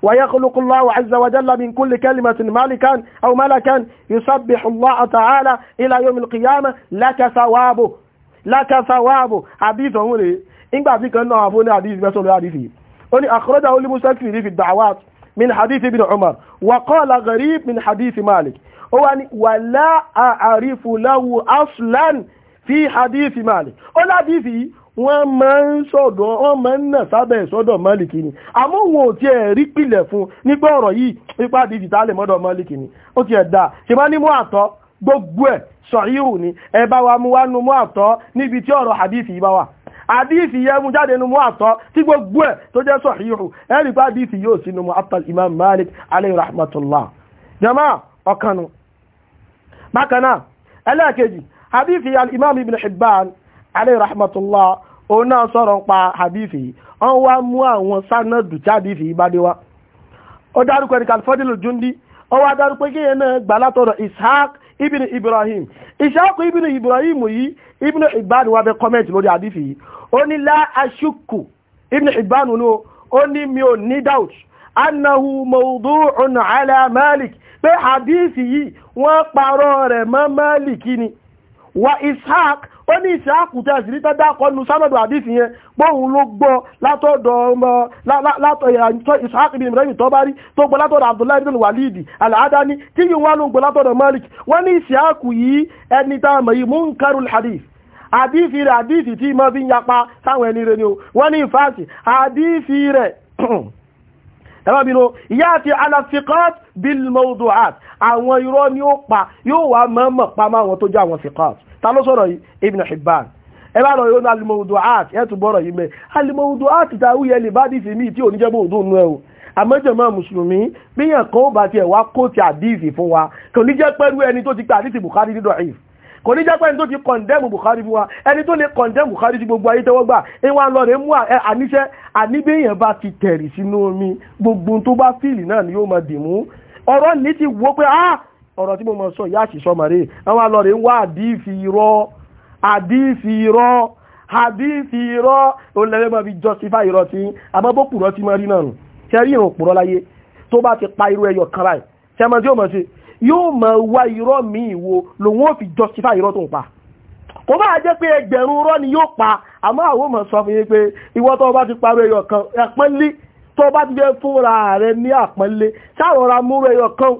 ويخلق الله عز وجل من كل كلمة مالكا أو ملكا يسبح الله تعالى إلى يوم القيامة لك ثوابه لك ثوابه حديث هوني إن بعد أنه أفوني حديث بس ولا حديث أخرجه لمسكين في الدعوات من حديث ابن عمر وقال غريب من حديث مالك هو ولا أعرف له أصلا في حديث مالك ولا حديثي wọ́n máa ń sọ̀dọ̀ wọ́n máa ń nà sábẹ̀ sọ́dọ̀ mọ́lìkì ni àmọ́ wọn ò tiẹ̀ rí pìlẹ̀ fún nígbà ọ̀rọ̀ yìí nípa dìjítàlẹ̀ mọ́dọ̀ mọ́lìkì ni ó tiẹ̀ dà ṣe máa ní mú àtọ́ gbogbo ẹ̀ sọ̀híhù ni ẹ bá wa mú wá nu mú àtọ́ níbi tí ọ̀rọ̀ hadith yìí bá wà àdíìsì yẹ mú jáde nínú àtọ́ tí gbogbo ẹ̀ tó jẹ́ sọ̀híhù ẹ̀rì bá àdíìsì yóò sínú mú àtọ́ imam malik alayhi rahmatullah jama ọkànnù bákanáà ẹlẹ́ẹ̀kejì àdíìsì imam ibn hibban alayhi rahmatullah òun náà sọ̀rọ̀ ń pa hadithi wọ́n wá mú àwọn sanadu tí hadithi yìí bá dé wá ó dárúkọ ẹni kalifọ́dìlù júndí ó wá dárúkọ kéèyàn náà gbà látọ̀dọ̀ ishaq ibn ibrahim ishaq ibn ibrahim yìí ibn ibanu wá bẹ kọ́mẹ̀ntì lórí hadithi ó ní la ashuku ibn ibanu ní ó ní mi ò ní doubt annahu mawdu'un ala malik pé hadithi yìí wọ́n parọ́ rẹ̀ mọ́ malik ni wa ishaq ó ní ìṣẹ́ àkùtẹ́ ìṣìrí tó dákọ́nu sánàdù àdísì yẹn pọ́hùn ló gbọ́ látọ̀dọ̀ ọmọ látọ̀ ìṣàkìbí ìrẹ́yìn tó bá rí tó gbọ́ látọ̀dọ̀ Walidi al-Adani tí yìí wá ló gbọ́ Malik wọ́n ní a mọ̀ yìí munkarul hadith àdífì rẹ̀ àdífì tí mọ́ fi ń yapa sáwọn ẹni rẹ̀ ni o wọ́n ní ìfáàsì àdífì rẹ̀ ẹ̀rọ bínú ìyá àti alafiqat bil mawdu'at àwọn irọ́ ni ó pa yóò wá mọ́mọ̀ pa máwọn tó jẹ́ àwọn fiqat ta ló sọ̀rọ̀ yìí Ibn Hibban ẹ bá lọ yóò ní al-mawdu'at ẹ tún bọ́rọ̀ yìí mẹ́ al-mawdu'at ta wúyẹ lè bá dìsí ní tí ò ní jẹ́ mọ́wùdó nú ẹ o àmọ́jọ̀mọ́ mùsùlùmí bíyàn kan ó bá tiẹ̀ wá kó ti àdíìsì fún wa kò ní jẹ́ pẹ́rú ẹni tó ti gba àdíìsì Bukhari dídọ̀ yìí kò ní jẹ́ pé ẹni tó ti kọ̀ndẹ́mù Bukhari fún wa ẹni tó lè kọ̀ndẹ́mù Bukhari ti gbogbo ayé tẹ́wọ́ gbà ìwà lọ rẹ̀ mú àníṣẹ́ àníbẹ̀yàn bá ti tẹ̀rì sínú omi gbogbo tó bá fíìlì náà ni yóò máa dì mú ọ̀rọ̀ ní ti wó pé ah ọ̀rọ̀ tí mo mọ̀ sọ ìyá àṣìṣọ́ màrí àwọn alọ́rẹ̀ ń wá àdífi irọ́ àdífi irọ́ àdífi irọ́ olẹ́rẹ́ mọ́ fi justify irọ́ tí àmọ́bó pùrọ́ tí mọ́ rí náà nù tẹ́rí ìrùn pùrọ́ láyé tó bá ti pa irú ẹyọ kan láì tẹ́mọ́ tí ó mọ̀ sí yóò mọ̀ wá irọ́ míì wo lòun ó fi justify irọ́ tó ń pa kò bá jẹ́ pé ẹgbẹ̀rún irọ́ ni yóò pa àmọ́ àwọn ọmọ sọ fún yín pé ìwọ tó bá ti parọ́ ẹyọ kan ẹ̀pẹ́lẹ́ tó bá ti fẹ́ fúnra rẹ ní àpẹ́lẹ́ sáwọn ra múrò kan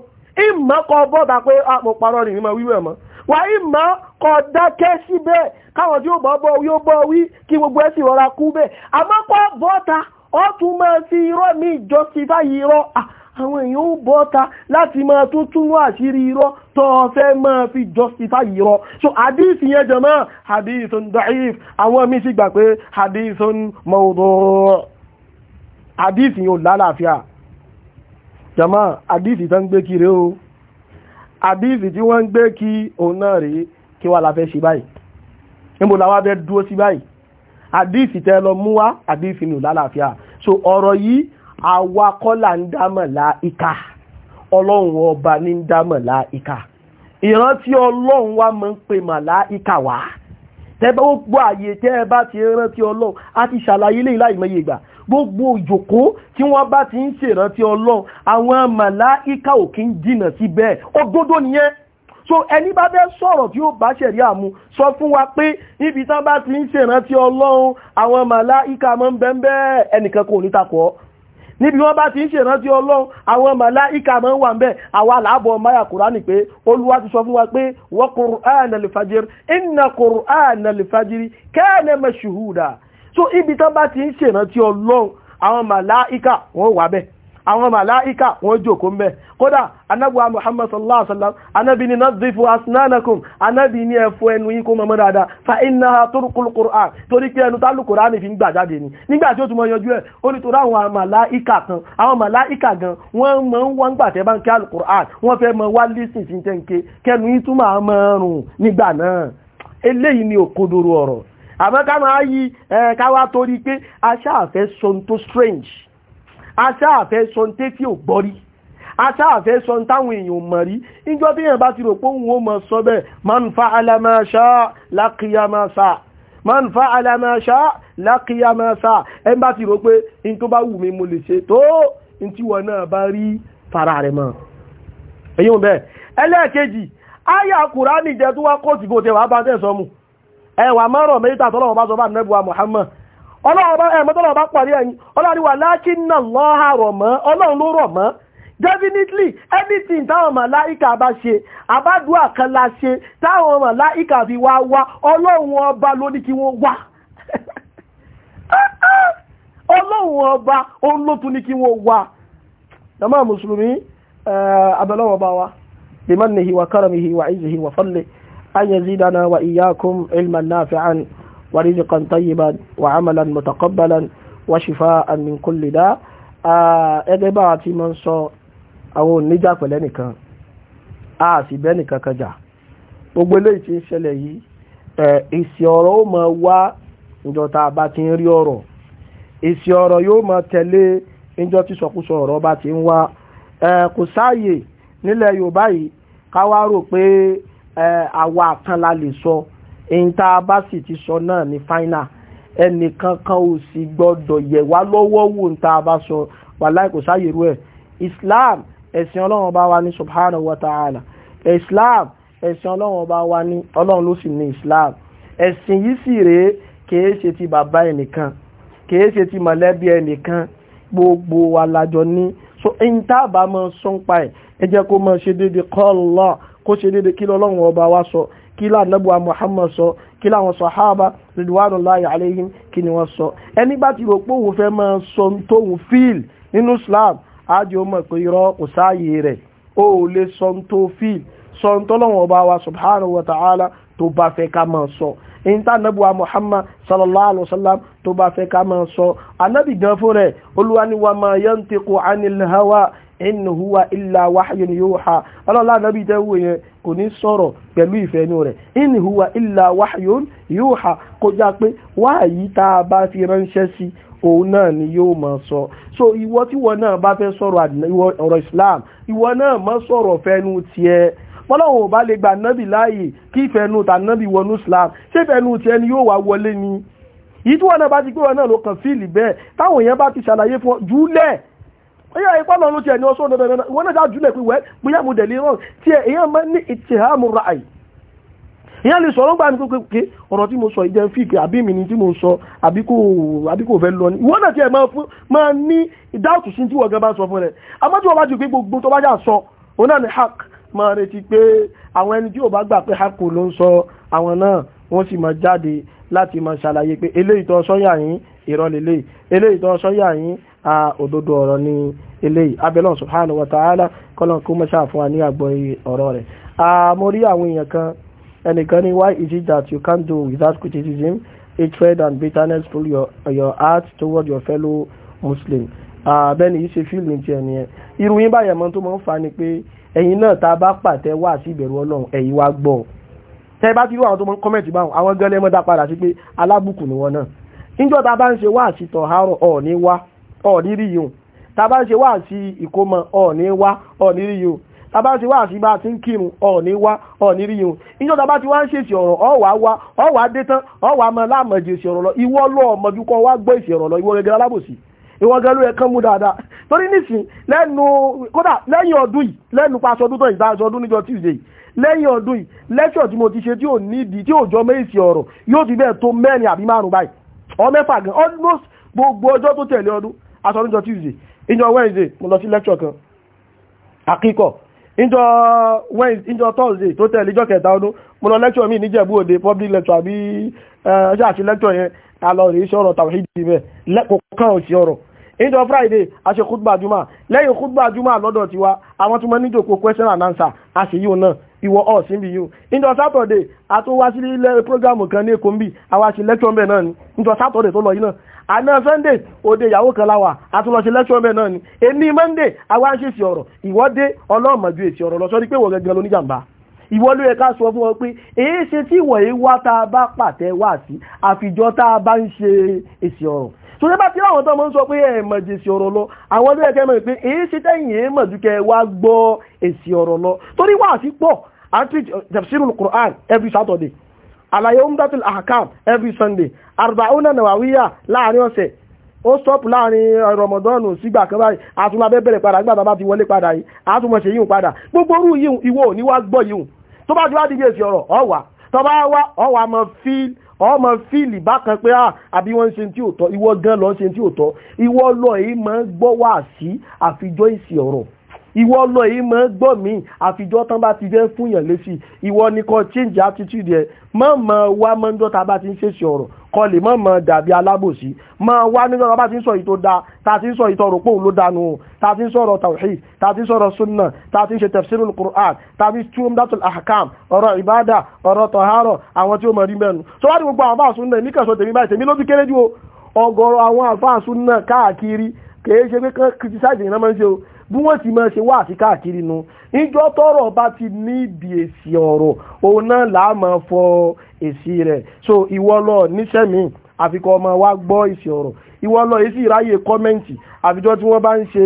ìmọ̀ kọ bọ́ta pé ah, mo parọ́ nìyí ma wíwẹ̀ mọ́ wà ìmọ̀ kọ dákẹ́ síbẹ̀ káwọn tí ó bọ́ bọ́ yóò bọ́ wí kí gbogbo ẹ̀ rọra kú bẹ́ẹ̀ àmọ́ bọ́ta ó tún máa fi irọ́ mi justify irọ́ ah, àwọn èèyàn ó bọ́ta láti máa tún túnú àṣírí irọ́ tó fẹ́ máa fi justify irọ́ so hadith yẹn jẹ́mọ́ hadithun da'if àwọn mi sì gbà pé hadithun mawdu' hadith yẹn ò lálàáfíà jama àdíìsì tán ń gbé kiri o àdíìsì tí wọ́n ń gbé kí òun náà rèé kí wà la fẹ́ ṣe báyìí níbo la wá fẹ́ dúró sí báyìí àdíìsì tẹ́ lọ mú wá àdíìsì ní lálàáfíà so ọ̀rọ̀ yìí àwa kọ́là ń dámọ̀ láìka ọlọ́run ọba ní ń dámọ̀ láìka ìrántí ọlọ́run wa máa ń pè màláìka wá tẹ́ bá gbọ́ àyè tẹ́ ẹ bá ti rántí ọlọ́run a ti ṣàlàyé lè láìmọye ìgbà gbogbo ìjòkó tí wọ́n bá ti ń ṣèrántí ọlọ́run àwọn màláíkà ò kí ń jìnà síbẹ̀ òdodo nìyẹn so ẹni bá fẹ́ sọ̀rọ̀ tí ó bá ṣẹ̀rí àmú sọ fún wa pé níbi tán bá ti ń ṣèrántí ọlọ́run àwọn màláíkà mọ́ ń bẹ́ẹ̀ ẹnìkan kò ní takọ̀ níbi wọ́n bá ti ń ṣèrántí ọlọ́run àwọn màláíkà máa ń wà ń bẹ̀ àwa làábọ̀ máyà kùránì pé olúwa ti sọ fún wa pé wa qur'ana al-fajr inna qur'ana al-fajr kana mashhuda so ibi tán bá ti ń ṣèrántí ọlọ́run àwọn màláíkà wọ́n wà bẹ́ẹ̀ àwọn màláíkà wọ́n jòkó mẹ́ kódà anábùwà muhammad sallallahu alaihi wasallam anábi ni nazifu asnanakum anábi ni fa innaha turqul qur'an torí pé ẹnu qur'an fi ń gbà jáde ni nígbà tí ó túnmọ̀ yanjú ẹ̀ ó ní torí àwọn màláíkà kan àwọn màláíkà gan wọ́n mọ̀ ń wọ́n gbà eléyìí ni òkodoro ọ̀rọ̀ àmọ́ ká máa yí káwá torí pé aṣáàfẹ́ sọ tó strange aṣáàfẹ́ sọ tẹ́tí ò gbọ́rí aṣáàfẹ́ sọ táwọn èèyàn mọ̀ rí níjọ́ tí èèyàn bá ti rò pé òun ó mọ̀ sọ bẹ́ẹ̀ man fa'ala ma sha'a laqiya ma sa'a man fa'ala ma sha'a laqiya ma sa'a ẹ bá ti rò pé in tó bá wù mí mo lè ṣe tó in tí wọn náà bá rí fara rẹ̀ mọ́ ẹ̀yìn bẹ́ẹ̀ ẹlẹ́ẹ̀kejì áyà kùránì jẹ́ tó wá kóòtù bó tẹwàá bá tẹ̀sọ́mù ẹwà mọ́rọ̀ mẹ́ta tọ́lọ́wọ́ bá sọ bá Muhammad ọlọ́wọ́ bá ẹ̀mọ́ tọ́lọ́wọ́ bá definitely anything táwọn màláìkà bá ṣe àbádùá kan la ṣe táwọn màláìkà fi wá wá ọlọ́run ọba ló kí wọ́n wá ọlọ́run ọba ní kí wọ́n wá abẹ́lọ́wọ́ wa bí wa wa أن يزيدنا وإياكم علما نافعا ورزقا طيبا وعملا متقبلا وشفاء من كل داء ẹgbẹ́ bá àti mọ́ ń sọ àwọn oníjà pẹ̀lẹ́ nìkan a sì bẹ́ nìkan kan jà gbogbo eléyìí tí ń ṣẹlẹ̀ yìí èsì ọ̀rọ̀ ó máa wá ìjọta bá ti ń rí ọ̀rọ̀ èsì ọ̀rọ̀ yóò máa tẹ̀lé ìjọ tí sọkúsọ ọ̀rọ̀ bá ti ń wá kò sáàyè nílẹ̀ Yorùbá yìí ká wá rò pé àwa kan la lè sọ èyí tá a bá sì ti sọ náà ní final ẹnìkan kan ò sì gbọ́dọ̀ yẹ̀ wá lọ́wọ́ wò ní tá a bá sọ wàláì kò sáyè rú ẹ̀ Islam ẹ̀sìn ọlọ́run ọba wa ní subhanahu wa ta'ala Islam ẹ̀sìn ọlọ́run ọba wa ní ọlọ́run ló sì ní Islam ẹ̀sìn yìí sì rèé kìí ṣe ti bàbá ẹnìkan kìí ṣe ti mọ̀lẹ́bí ẹnìkan gbogbo wa lájọ ní so ẹni tá a bá mọ sọ́npa ẹ̀ ẹ jẹ́ kó mọ ṣe déédéé kọ́ Allah kó ṣe déédéé kí lọ́lọ́run ọba wa sọ kí lànàbùwà Muhammad sọ kí làwọn sàhábà ridwanullahi alayhim kí ni wọ́n sọ ẹni bá ti rò pé òun fẹ́ máa sọ tóun fíìl nínú Islam ájò mọ̀ pé irọ́ kò sáàyè rẹ̀ ó lè sọ tó fíìl sọ tọ́lọ́run ọba wa subhanahu wa ta'ala tó bá fẹ́ ká máa sọ èyí tá ànábùwà Muhammad sallallahu alayhi wa sallam tó bá fẹ́ ká máa sọ gan fún rẹ̀ ni wa ma yantiqu anil hawa in huwa illa wahyun yuha ọlọ́lá nàbí tẹ́wò yẹn kò ní sọ̀rọ̀ pẹ̀lú ìfẹ́nu rẹ̀ in huwa illa wahyun yuha kó já pé wáyí tá a bá fi ránṣẹ́ sí òun náà ni yóò máa sọ so ìwọ tí wọ́n náà bá fẹ́ sọ̀rọ̀ ọ̀rọ̀ Islam ìwọ náà má sọ̀rọ̀ fẹ́nu tiẹ̀ pọ́lọ́wọ́ bá lè gba nábì láàyè kí ìfẹ́nu tà nábì wọnú Islam ṣé ìfẹ́nu tiẹ̀ ni yóò wá wọlé ni ìtúwọ́n náà bá ti pé wọn náà ló kàn fíìlì bẹ́ẹ̀ táwọn èèyàn bá ti ṣàlàyé fún ọ jùlẹ̀ ẹ̀yà ipá lọ́run tiẹ̀ ni ọ̀ṣọ́ dandandandan ìwọ náà dájú lẹ̀ pé wẹ́ bóyá mo dẹ̀lé rán tí èèyàn máa ní ìtìhámù ra'ayi ìyẹn lè sọ̀rọ̀ gbà ní kékeré ọ̀rọ̀ tí mo sọ ìjẹ́ fíìkì àbí mi ni tí mo sọ àbí kò fẹ́ lọ ní ìwọ náà tiẹ̀ máa ní ìdáàtù sí tí wọ́n gan bá sọ fún rẹ̀ àmọ́ tí wọ́n bá ti pé gbogbo tó bá jà sọ òun náà ni hak máa retí pé àwọn ẹni tí ò bá gbà pé hak ló ń sọ àwọn náà wọ́n sì máa jáde láti máa ṣàlàyé pé eléyìí tó sọ́yà yín ìrọ̀lẹ́lẹ́ eléyìí tó sọ́yà yín òdodo ọ̀rọ̀ ni eléyìí abẹ́lọ́ subhanahu wa ta'ala kó mọ́ṣá fún wa ní ọ̀rọ̀ rẹ̀ mo rí àwọn èèyàn kan ẹnìkan ní why is it that you can't do without criticism hatred and bitterness full your, your heart toward your fellow muslim bẹ́ẹ̀ni yìí ṣe fíìlì ti ẹ̀ nìyẹn irú yín báyẹn mọ́ tó máa ń fa ni pé ẹ̀yin náà ta bá pàtẹ́ wá sí ìbẹ̀rù ọlọ́run ẹ̀yin wá gbọ́ tẹ́ bá ti rí àwọn tó máa ń kọ́mẹ̀tì báwọn àwọn gẹ́lẹ́ mọ́dá padà sí pé alábùkù ni wọn náà níjọ́ ta bá ń ṣe wá àṣìtọ̀ àárọ̀ ọ̀ ní wá ọ̀ ní rí yìí tàbá ṣe wá sí ìkómọ ọ̀ní wá ọ̀ní rí yìí tàbá ṣe wá sí bá ti ń kírun ọ̀ní wá ọ̀ní rí yìí ìjọ tàbá ti wá ń ṣèṣì ọ̀rọ̀ ọ̀wà wá ọ̀wà dé tán ọ̀wà mọ láàmọ̀jì èsì ọ̀rọ̀ lọ ìwọ lọ ọmọdún kan wá gbọ́ èsì ọ̀rọ̀ lọ ìwọ gẹ́gẹ́ alábòsí ìwọ gẹ́gẹ́ ló yẹ kán mú dáadáa torí nísìn lẹ́nu kódà lẹ́yìn ọdún yìí lẹ́nu pa aṣọdún tán ìdá aṣọdún níjọ Tuesday yìí lẹ́yìn ọdún yìí lẹ́ṣọ̀ tí mo ti ṣe tí ò nídìí tí òjọ méjì ọ̀rọ̀ yóò ti bẹ́ẹ̀ tó mẹ́rin àbí márùn-ún báyìí ọ mẹ́fà gan almost gbogbo ọjọ́ tó tẹ̀lé ọdún aṣọdún níjọ Tuesday ìjọ wednesday mo lọ sí lecture kan akíkọ̀ ìjọ wednesday ìjọ thursday tó tẹ̀lé ìjọ kẹta ọdún mo lọ lecture mi níjẹ̀bú òde public lecture àbí ọjọ́ àti lecture yẹn alọ rèé sọ̀rọ̀ tàwíìdì ibẹ̀ lẹ́kọ̀ọ́kan ò ọ̀rọ̀ ìjọ friday a ṣe khutba juma lẹ́yìn khutba juma lọ́dọ̀ tiwa àwọn tí wọ́n níjòkó question and answer a ṣe yíò náà ìwọ ọ̀sìn bí yóò ìjọ sátọ̀dẹ̀ àtúnwá sí ilẹ̀ prógámù kan ní èkó ń bí àwa sí lẹ́kṣọ́ mẹ́ náà ni ìjọ sátọ̀dẹ̀ tó lọ yìí náà àná sunday òde ìyàwó kan láwà àtúnlọ sí lẹ́kṣọ́ mẹ́ náà ni èmi monday àwa ń ṣe sí ọ̀rọ̀ ìwọ́dé ọlọ́ọ̀mọ̀jú èsì ọ̀rọ̀ lọ sọ́rí pé wọ́n gẹ́gẹ́ lóníjàmbá ìwọ ló yẹ ká sọ fún ọ pé èé ṣe tí ìwọ̀ yìí wá tá a bá pàtẹ́ wá sí àfijọ́ tá a bá ń ṣe èsì ọ̀rọ̀ tó yẹ́ bá tí àwọn tọ́mọ ń sọ pé ẹ̀mọ̀ jèsì ọ̀rọ̀ lọ àwọn ilé ẹ̀kẹ́ mọ̀ pé èyí sí tẹ́yìn ẹ̀mọ̀ dúkẹ́ wá gbọ́ èsì ọ̀rọ̀ lọ torí wà sí pọ̀ àti tafsirul Qur'an every Saturday àlàyé umdatul ahkam every Sunday arbauna nawawiya láàrin ọ̀sẹ̀ ó stop láàrin rọmọdọ́nù sígbà kan báyìí àtúnmọ̀ abẹ́ bẹ̀rẹ̀ padà gbàtà bá ti wọlé padà yìí àtúnmọ̀ ṣe yíhun padà gbogbo orú yíhun ìwọ ò ní wá gbọ́ yíhun tó bá ti wá dìgbèsì ọ̀rọ̀ ọ̀wà tó bá wá ọ̀wà mọ̀ fíìlì ọmọ fíìlì bákan pé ah, àbí wọ́n ń ṣe tí ò tọ́ ìwọ gan lọ ń ṣe tí ò tọ́ ìwọ lọ èyí máa ń gbọ́ wá sí àfijọ́ ìsì ọ̀rọ̀ ìwọ lọ yìí mọ́ gbọ́ mi àfijọ́ tán bá ti fẹ́ fún yàn létí ìwọ ni change attitude ẹ̀ mọ́ mọ́ wá mọ́jọ́ tá a bá ti ń ṣèṣì ọ̀rọ̀ kọ lè mọ́ mọ́ dàbí alábòsí mọ́ wá níjọ́ tá bá ti ń sọ yìí da tá ti ń sọ yìí tọrọ pòun ló dànù o tá ti ń sọ̀rọ̀ tawhid tá a ti ń sọ̀rọ̀ sunna tá a ti ń ṣe tafsirul Qur'an tá a ti tú umdatul ahkam ọ̀rọ̀ ìbádà ọ̀rọ̀ tọ̀hárọ̀ àwọn tí ó mọ̀ rí mẹ́nu sọ wá ní gbogbo àwọn àfáà sunna èmi kẹsọ̀ tèmi báyìí tèmi ló ti kéré jù o àwọn àfáà sunna káàkiri kèé ṣe pé criticize ìrìnà ń ṣe o bí wọ́n ti máa ṣe wá àti káàkiri nu ìjọ tọrọ bá ti ní ìdí èsì ọ̀rọ̀ òun náà làá fọ èsì rẹ̀ so ìwọ lọ níṣẹ́ mi àfikọ́ ọmọ wa gbọ́ èsì ọ̀rọ̀ ìwọ lọ èsì ìráyè kọ́mẹ́ǹtì àfijọ́ tí wọ́n bá ń ṣe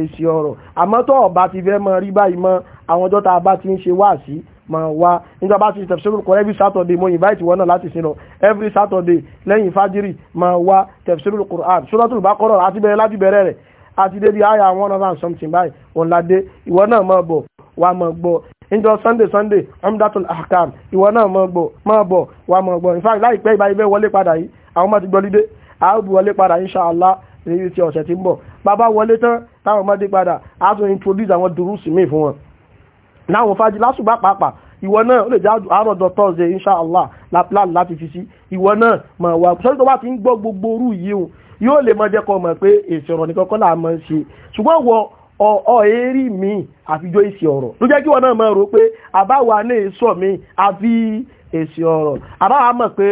èsì ọ̀rọ̀ àmọ́ tọ́ ọ̀bá ti fẹ́ mọ rí báyìí mọ́ àwọn ọjọ́ tá a bá ti ń ṣe wá sí ma wá nígbà bá ti tẹ̀fṣẹ́rù kọ every saturday mo invite wọn náà láti sinú every saturday lẹ́yìn fájírì ma wá tẹ̀fṣẹ́rù Qur'an Suratul Baqarah àti bẹ̀rẹ̀ láti bẹ̀rẹ̀ rẹ̀ àti débi àyà one hundred and something báyìí ọ̀làdé ìwọ náà máa bọ̀ wàá máa gbọ́ níjọ́ sunday sunday amdatul ahkam ìwọ náà máa bọ̀ máa bọ̀ wàá máa gbọ́ in fact láìpẹ́ ìbá ibẹ̀ wọlé padà yìí àwọn máa ti gbọ́ lídé àábù wọlé padà inshàlá èyí ti ọ̀sẹ̀ tí ń bọ̀ bàbá wọlé tán táwọn ọmọdé padà á tún introduce àwọn dùrúsì míì fún wọn láwọn fájì lásùgbà pàápàá ìwọ náà ó lè já àárọ̀ dọ̀ thursday inshàlá láti fi sí ìwọ náà máa wà sọ́dọ̀ wá ti ń gbọ́ gbogbo orú yìí yóò lè mọ́ jẹ́ kọ́ mọ̀ pé èsì ọ̀rọ̀ nìkan kọ́ là mọ́ ṣe ṣùgbọ́n wọ ọ̀ èrí mi àfijọ́ èsì ọ̀rọ̀ ló jẹ́ kí wọn náà mọ̀ rò pé àbáwa náà sọ mi àfi èsì ọ̀rọ̀ àbáwá mọ̀ pé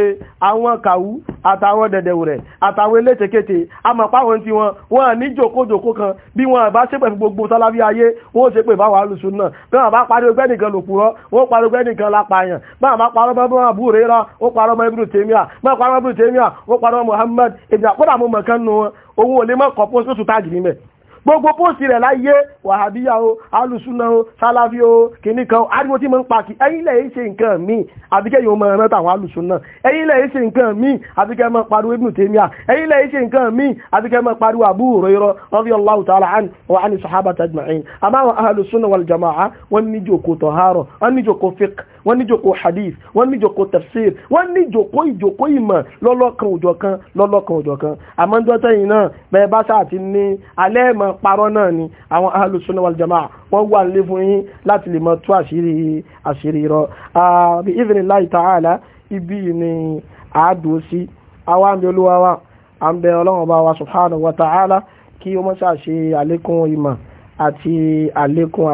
àwọn kàwú àtàwọn dẹ̀dẹ̀wò rẹ̀ àtàwọn elétekéte amọ̀páwọn tí wọn wọn ní jòkójòkó kan bí wọn bá ṣépè fún gbogbo tọ́lábí ayé wọn ò ṣépè báwọn alùsùn náà bí wọn bá parí ogbẹ́ nìkan lòpùrọ́ wọn ó parí ogbẹ́ nìkan lápàyàn bí wọn bá parọ́ mọ́ bí wọn àbú rà ó parọ́ mọ́ ibùdó tèmíà bí wọn parọ́ mọ́ ibùdó tèmíà ó parọ́ mọ́ Muhammad ìdí àkọ́dà mọ́ mọ̀ kan nù wọn òun ò lè gbogbo póòsì rẹ̀ láyé wàhábíyà o alùsùnà o sálàfí o kìíní kan ariwo tí mo ń pa kí ẹ̀yin lẹ̀ ń ṣe nǹkan míì àbíkẹ́ yóò mọ ẹran tàwọn alùsùnà ẹ̀yin lẹ̀ ṣe nǹkan míì àbíkẹ́ mọ pariwo ibùn tèmíà ẹ̀yin lẹ̀ ṣe nǹkan míì àbíkẹ́ mọ pariwo Abu Hurairah radiyallahu ta'ala anhu wa ani sahaba tajma'in àmọ́ àwọn alùsùnà wal jama'a wọ́n níjòkó wọ́n ní jòkó hadith wọ́n ní jòkó tafsir wọ́n ní jòkó ìjòkó ìmọ̀ lọ́lọ́kan òjọ̀ kan lọ́lọ́kan òjọ̀ kan àmọ́jọ́tẹ́ yìí náà bẹ́ẹ̀ bá sáà ti ní alẹ́ mọ̀ parọ́ náà ni àwọn ahlu sunnah wal jamaa wọ́n wà nílé fún yín láti lè mọ tú àṣírí àṣírí rọ bí iznillahi ta'ala ibi ni àádùn sí àwa ń bẹ olúwa wa à ń bẹ ọlọ́run bá wa ta'ala kí ó mọ́ ṣàṣe àlékún ìmọ̀ àti àlékún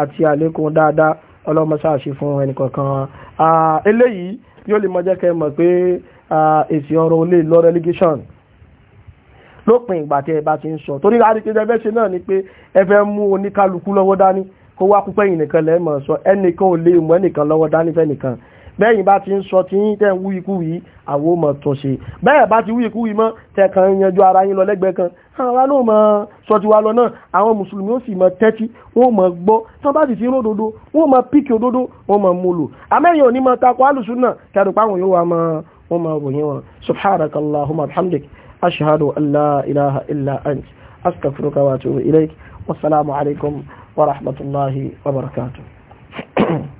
àti àlékún dáadáa ọlọ́mọ sáàṣì fún ẹnìkọ̀ọ̀kan eléyìí yóò lè mọ jẹ́ kẹ́ mọ̀ pé èsì ọ̀rọ̀ olè lọ relegation lópin ìgbà tí ẹ bá ti ń sọ torí àríkè ẹgbẹ́ náà ni pé ẹ fẹ́ mú oníkálukú lọ́wọ́ dání kó wá púpẹ́ yìí nìkan sọ ẹnìkan ò lè mú ẹnìkan lọ́wọ́ dání fẹ́nìkan bẹ́yìn bá ti ń sọ tí yín tẹ́ ń wú ikú yìí àwọn ọmọ tó ṣe bẹ́ẹ̀ bá ti wú ikú yìí mọ́ tẹ̀kàn yanjú ara yín lọ lẹ́gbẹ̀ẹ́ kan àwọn ló mọ sọ ti wá lọ náà àwọn mùsùlùmí ó sì mọ tẹ́tí wọ́n mọ gbọ́ tán bá sì ti ródodo wọ́n mọ píkì òdodo wọ́n mọ múlò amẹ́yìn òní mọ takọ alùsùn náà kẹrù páwọn yóò wá mọ wọ́n mọ